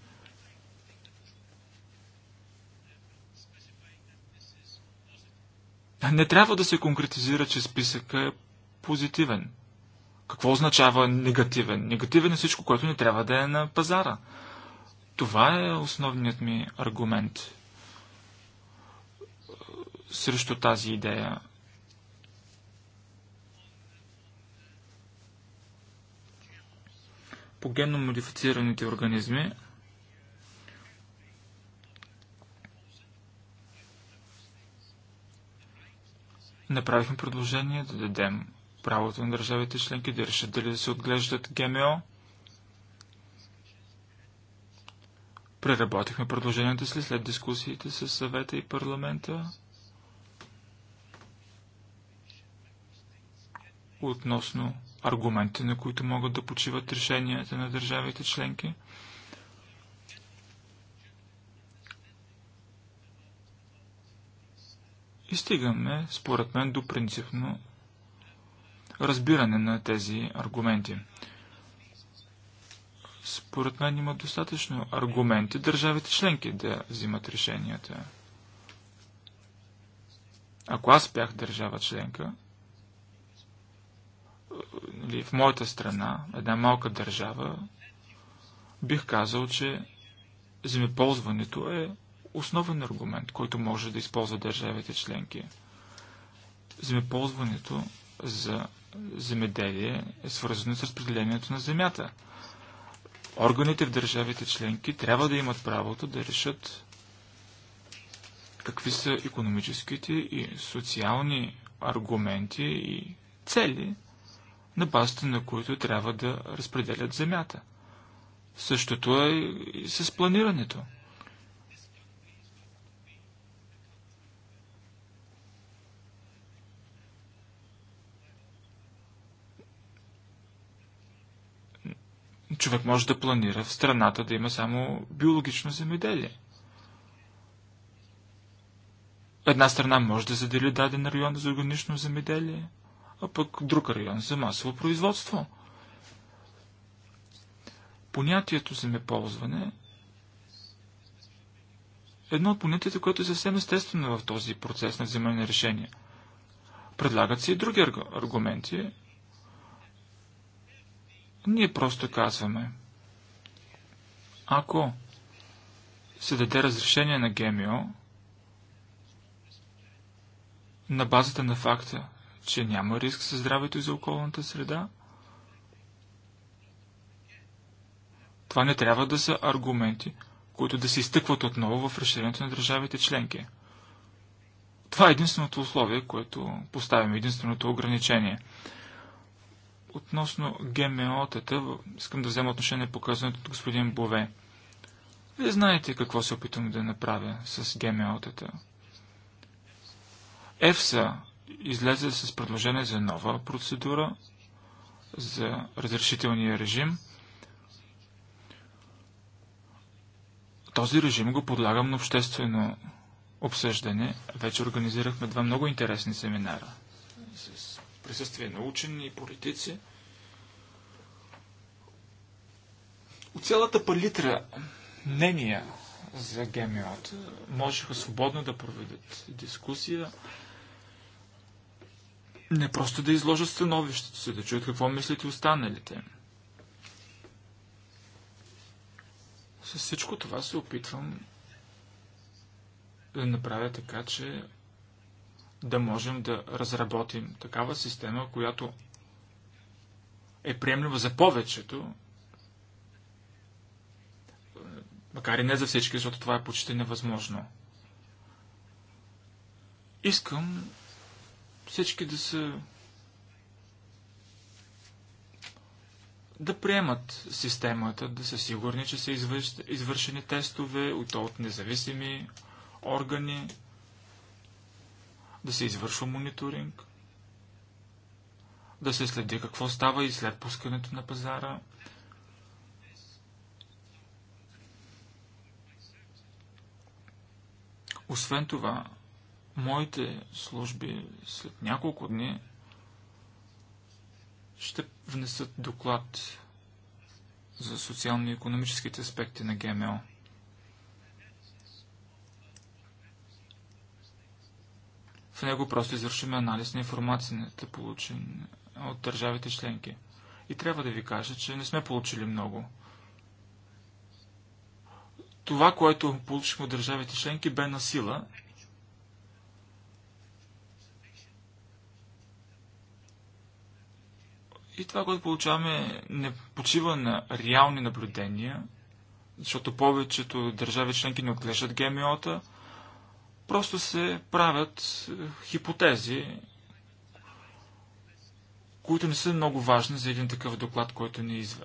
Не трябва да се конкретизира, че списъка е позитивен. Какво означава негативен? Негативен е всичко, което не трябва да е на пазара. Това е основният ми аргумент срещу тази идея. По генно модифицираните организми направихме предложение да дадем правото на държавите членки да решат дали да се отглеждат ГМО. Преработихме предложенията си след дискусиите с съвета и парламента. относно аргументите, на които могат да почиват решенията на държавите членки. И стигаме, според мен, до принципно разбиране на тези аргументи. Според мен има достатъчно аргументи държавите членки да взимат решенията. Ако аз бях държава членка, или нали, в моята страна, една малка държава, бих казал, че земеползването е основен аргумент, който може да използва държавите членки. Земеползването за земеделие е свързано с разпределението на земята. Органите в държавите членки трябва да имат правото да решат какви са економическите и социални аргументи и цели на базата на които трябва да разпределят земята. Същото е и с планирането. Човек може да планира в страната да има само биологично земеделие. Една страна може да задели даден район за органично земеделие – а пък друг район за масово производство. Понятието земеползване е едно от понятията, което е съвсем естествено в този процес на вземане на решения. Предлагат се и други аргументи. Ние просто казваме, ако се даде разрешение на ГМО на базата на факта, че няма риск за здравето и за околната среда. Това не трябва да са аргументи, които да се изтъкват отново в разширението на държавите членки. Това е единственото условие, което поставяме, единственото ограничение. Относно ГМО-тата, искам да взема отношение по казаното от господин Бове. Вие знаете какво се опитвам да направя с ГМО-тата. ЕФСА излезе с предложение за нова процедура за разрешителния режим. Този режим го подлагам на обществено обсъждане. Вече организирахме два много интересни семинара с присъствие на учени и политици. От цялата палитра мнения за ГМО можеха свободно да проведат дискусия. Не просто да изложат становището си, да чуят какво и останалите. С всичко това се опитвам да направя така, че да можем да разработим такава система, която е приемлива за повечето, макар и не за всички, защото това е почти невъзможно. Искам всички да са да приемат системата, да са сигурни, че са извършени тестове от, от независими органи, да се извършва мониторинг, да се следи какво става и след пускането на пазара. Освен това, моите служби след няколко дни ще внесат доклад за социално-економическите аспекти на ГМО. В него просто извършваме анализ на информацията, получена от държавите членки. И трябва да ви кажа, че не сме получили много. Това, което получихме от държавите членки, бе на сила И това, което получаваме, не почива на реални наблюдения, защото повечето държави членки не отглеждат ГМО-та, просто се правят е, хипотези, които не са много важни за един такъв доклад, който ни изв...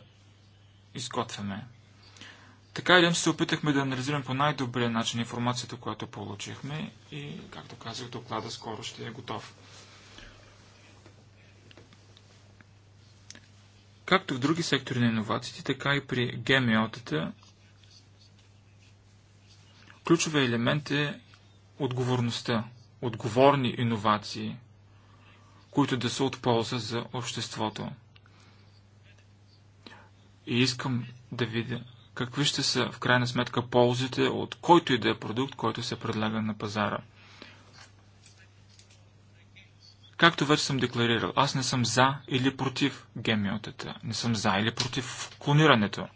изготвяме. Така или се опитахме да анализираме по най-добрия начин информацията, която получихме и, както казах, доклада скоро ще е готов. Както в други сектори на иновациите, така и при ГМО-тата, ключовия елемент е отговорността, отговорни иновации, които да са от полза за обществото. И искам да видя какви ще са в крайна сметка ползите от който и да е продукт, който се предлага на пазара – Както вече съм декларирал, аз не съм за или против гемиотата. Не съм за или против клонирането.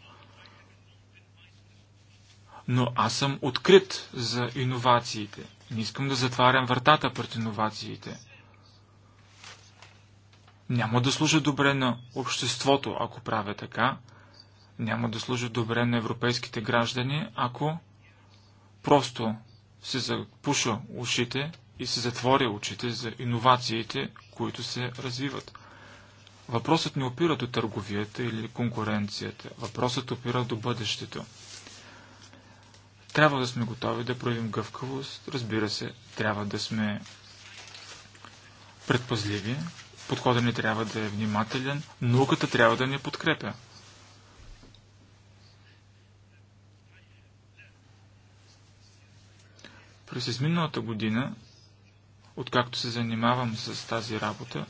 Но аз съм открит за иновациите. Не искам да затварям вратата пред иновациите. Няма да служа добре на обществото, ако правя така. Няма да служа добре на европейските граждани, ако просто се запуша ушите и се затвори очите за иновациите, които се развиват. Въпросът не опира до търговията или конкуренцията. Въпросът опира до бъдещето. Трябва да сме готови да проявим гъвкавост. Разбира се, трябва да сме предпазливи. Подходът ни трябва да е внимателен. Науката трябва да ни подкрепя. През изминалата година откакто се занимавам с тази работа.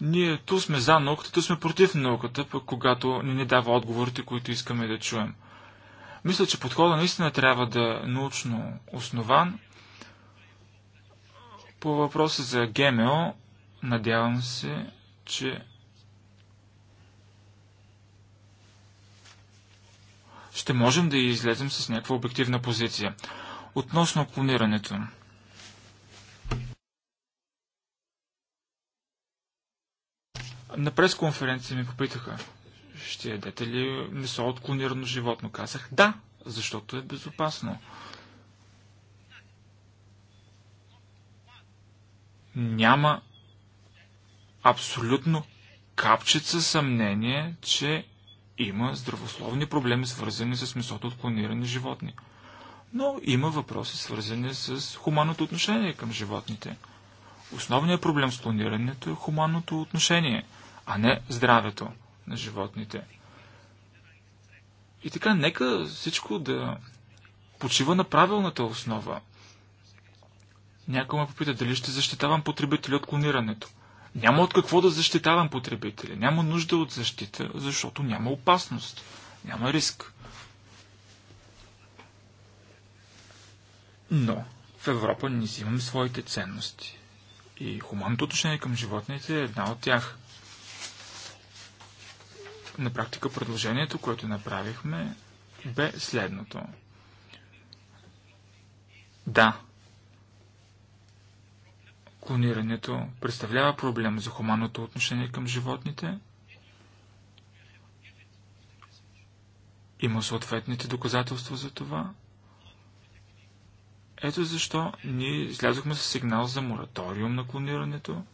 Ние ту сме за науката, ту сме против науката, пък когато не ни дава отговорите, които искаме да чуем. Мисля, че подхода наистина трябва да е научно основан. По въпроса за ГМО, надявам се, че ще можем да излезем с някаква обективна позиция. Относно клонирането. На пресконференция ми попитаха, ще ядете ли месо от клонирано животно? Казах, да, защото е безопасно. Няма абсолютно капчица съмнение, че има здравословни проблеми, свързани с месото от клонирани животни. Но има въпроси, свързани с хуманното отношение към животните. Основният проблем с клонирането е хуманното отношение, а не здравето на животните. И така, нека всичко да почива на правилната основа. Някой ме попита дали ще защитавам потребители от клонирането. Няма от какво да защитавам потребители. Няма нужда от защита, защото няма опасност. Няма риск. Но в Европа не имаме своите ценности. И хуманното отношение към животните е една от тях. На практика предложението, което направихме, бе следното. Да, Клонирането представлява проблем за хуманното отношение към животните. Има съответните доказателства за това. Ето защо ние излязохме с сигнал за мораториум на клонирането.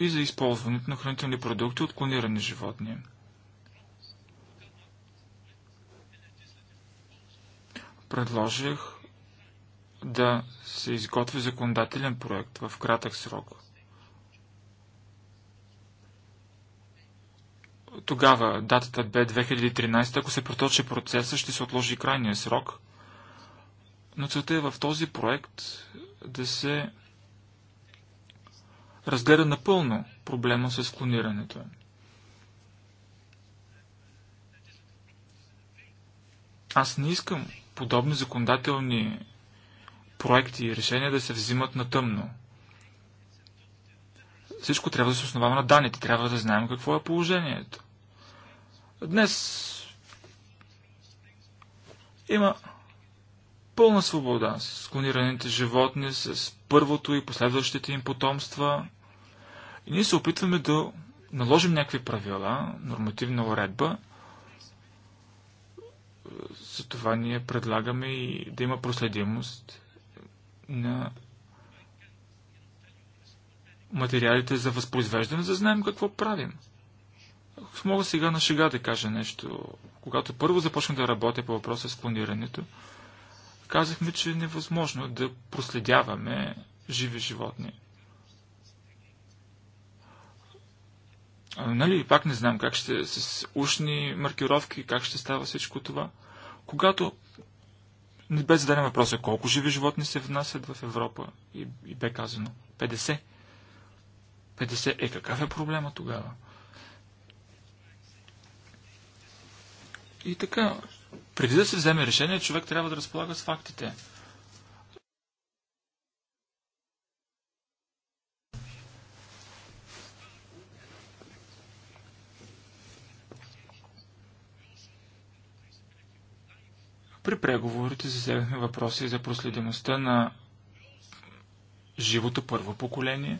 и за използването на хранителни продукти от клонирани животни. предложих да се изготви законодателен проект в кратък срок. Тогава датата бе 2013, ако се проточи процеса, ще се отложи крайния срок. Но целта е в този проект да се разгледа напълно проблема с клонирането. Аз не искам подобни законодателни проекти и решения да се взимат на тъмно. Всичко трябва да се основава на данните, трябва да знаем какво е положението. Днес има пълна свобода с клонираните животни, с първото и последващите им потомства. И ние се опитваме да наложим някакви правила, нормативна уредба – за това ние предлагаме и да има проследимост на материалите за възпроизвеждане, за да знаем какво правим. Ако мога сега на шега да кажа нещо. Когато първо започнах да работя по въпроса с планирането. казахме, че е невъзможно да проследяваме живи животни. нали, пак не знам как ще с ушни маркировки, как ще става всичко това. Когато не бе зададен въпроса колко живи животни се внасят в Европа и, и бе казано 50. 50. Е, какъв е проблема тогава? И така, преди да се вземе решение, човек трябва да разполага с фактите. При преговорите засегнахме въпроси за проследимостта на живото първо поколение,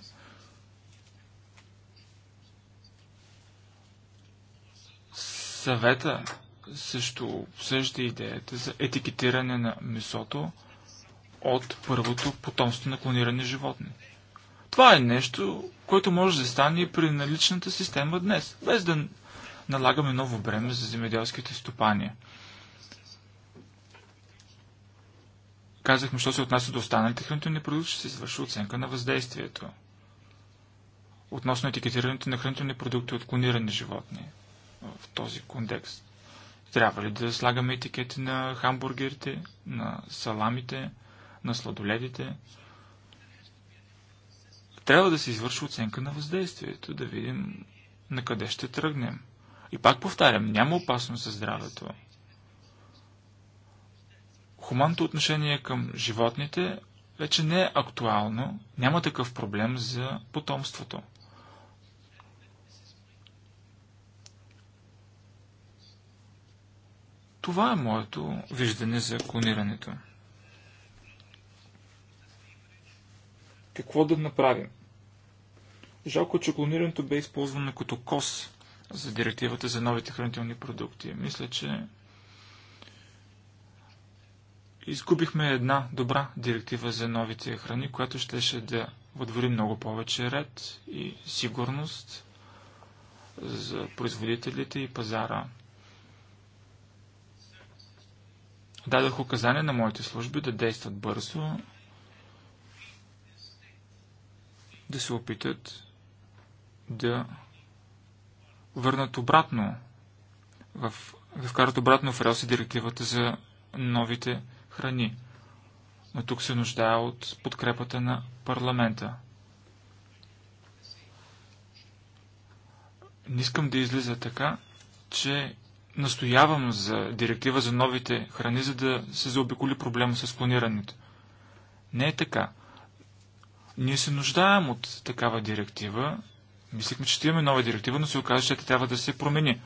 Съвета също обсъжда идеята за етикетиране на месото от първото потомство на клонирани животни. Това е нещо, което може да стане и при наличната система днес, без да налагаме ново бреме за земеделските стопания. Казахме, що се отнася до останалите хранителни продукти, ще се извърши оценка на въздействието относно етикетирането на хранителни продукти от клонирани животни в този контекст. Трябва ли да слагаме етикети на хамбургерите, на саламите, на сладоледите? Трябва да се извърши оценка на въздействието, да видим на къде ще тръгнем. И пак повтарям, няма опасност за здравето хуманното отношение към животните вече не е актуално, няма такъв проблем за потомството. Това е моето виждане за клонирането. Какво да направим? Жалко, че клонирането бе използвано като кос за директивата за новите хранителни продукти. Мисля, че изгубихме една добра директива за новите храни, която щеше да отвори много повече ред и сигурност за производителите и пазара. Дадох указания на моите служби да действат бързо, да се опитат да върнат обратно в, да вкарат обратно в релси директивата за новите храни. Но тук се нуждае от подкрепата на парламента. Не искам да излиза така, че настоявам за директива за новите храни, за да се заобиколи проблема с клонирането. Не е така. Ние се нуждаем от такава директива. Мислихме, че ще имаме нова директива, но се оказа, че тя трябва да се промени.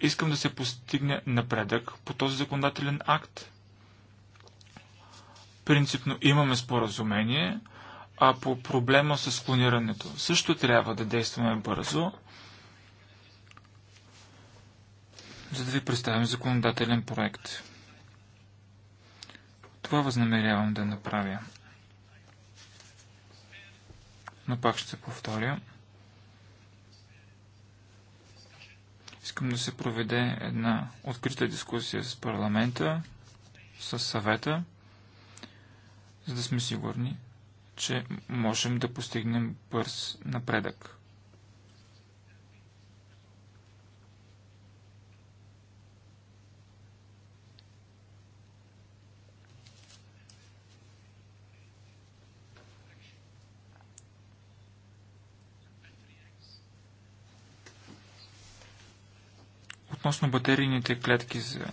Искам да се постигне напредък по този законодателен акт. Принципно имаме споразумение, а по проблема с клонирането също трябва да действаме бързо, за да ви представим законодателен проект. Това възнамерявам да направя. Но пак ще повторя. Искам да се проведе една открита дискусия с парламента, с съвета за да сме сигурни, че можем да постигнем бърз напредък. Относно батерийните клетки за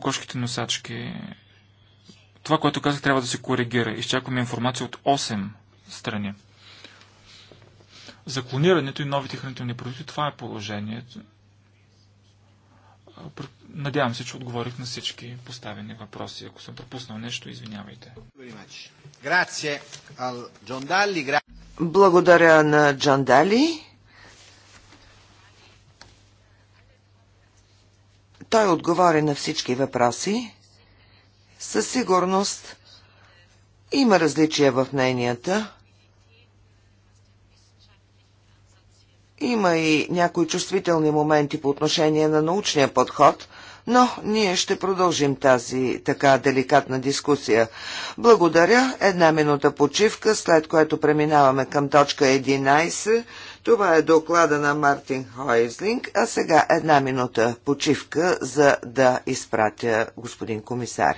кокошките носачки. Това, което казах, трябва да се коригира. Изчакваме информация от 8 страни. За клонирането и новите хранителни продукти, това е положението. Надявам се, че отговорих на всички поставени въпроси. Ако съм пропуснал нещо, извинявайте. Благодаря на Джандали. Той отговори на всички въпроси. Със сигурност има различия в мненията. Има и някои чувствителни моменти по отношение на научния подход, но ние ще продължим тази така деликатна дискусия. Благодаря. Една минута почивка, след което преминаваме към точка 11 това е доклада на Мартин Хойзлинг, а сега една минута почивка, за да изпратя господин комисар.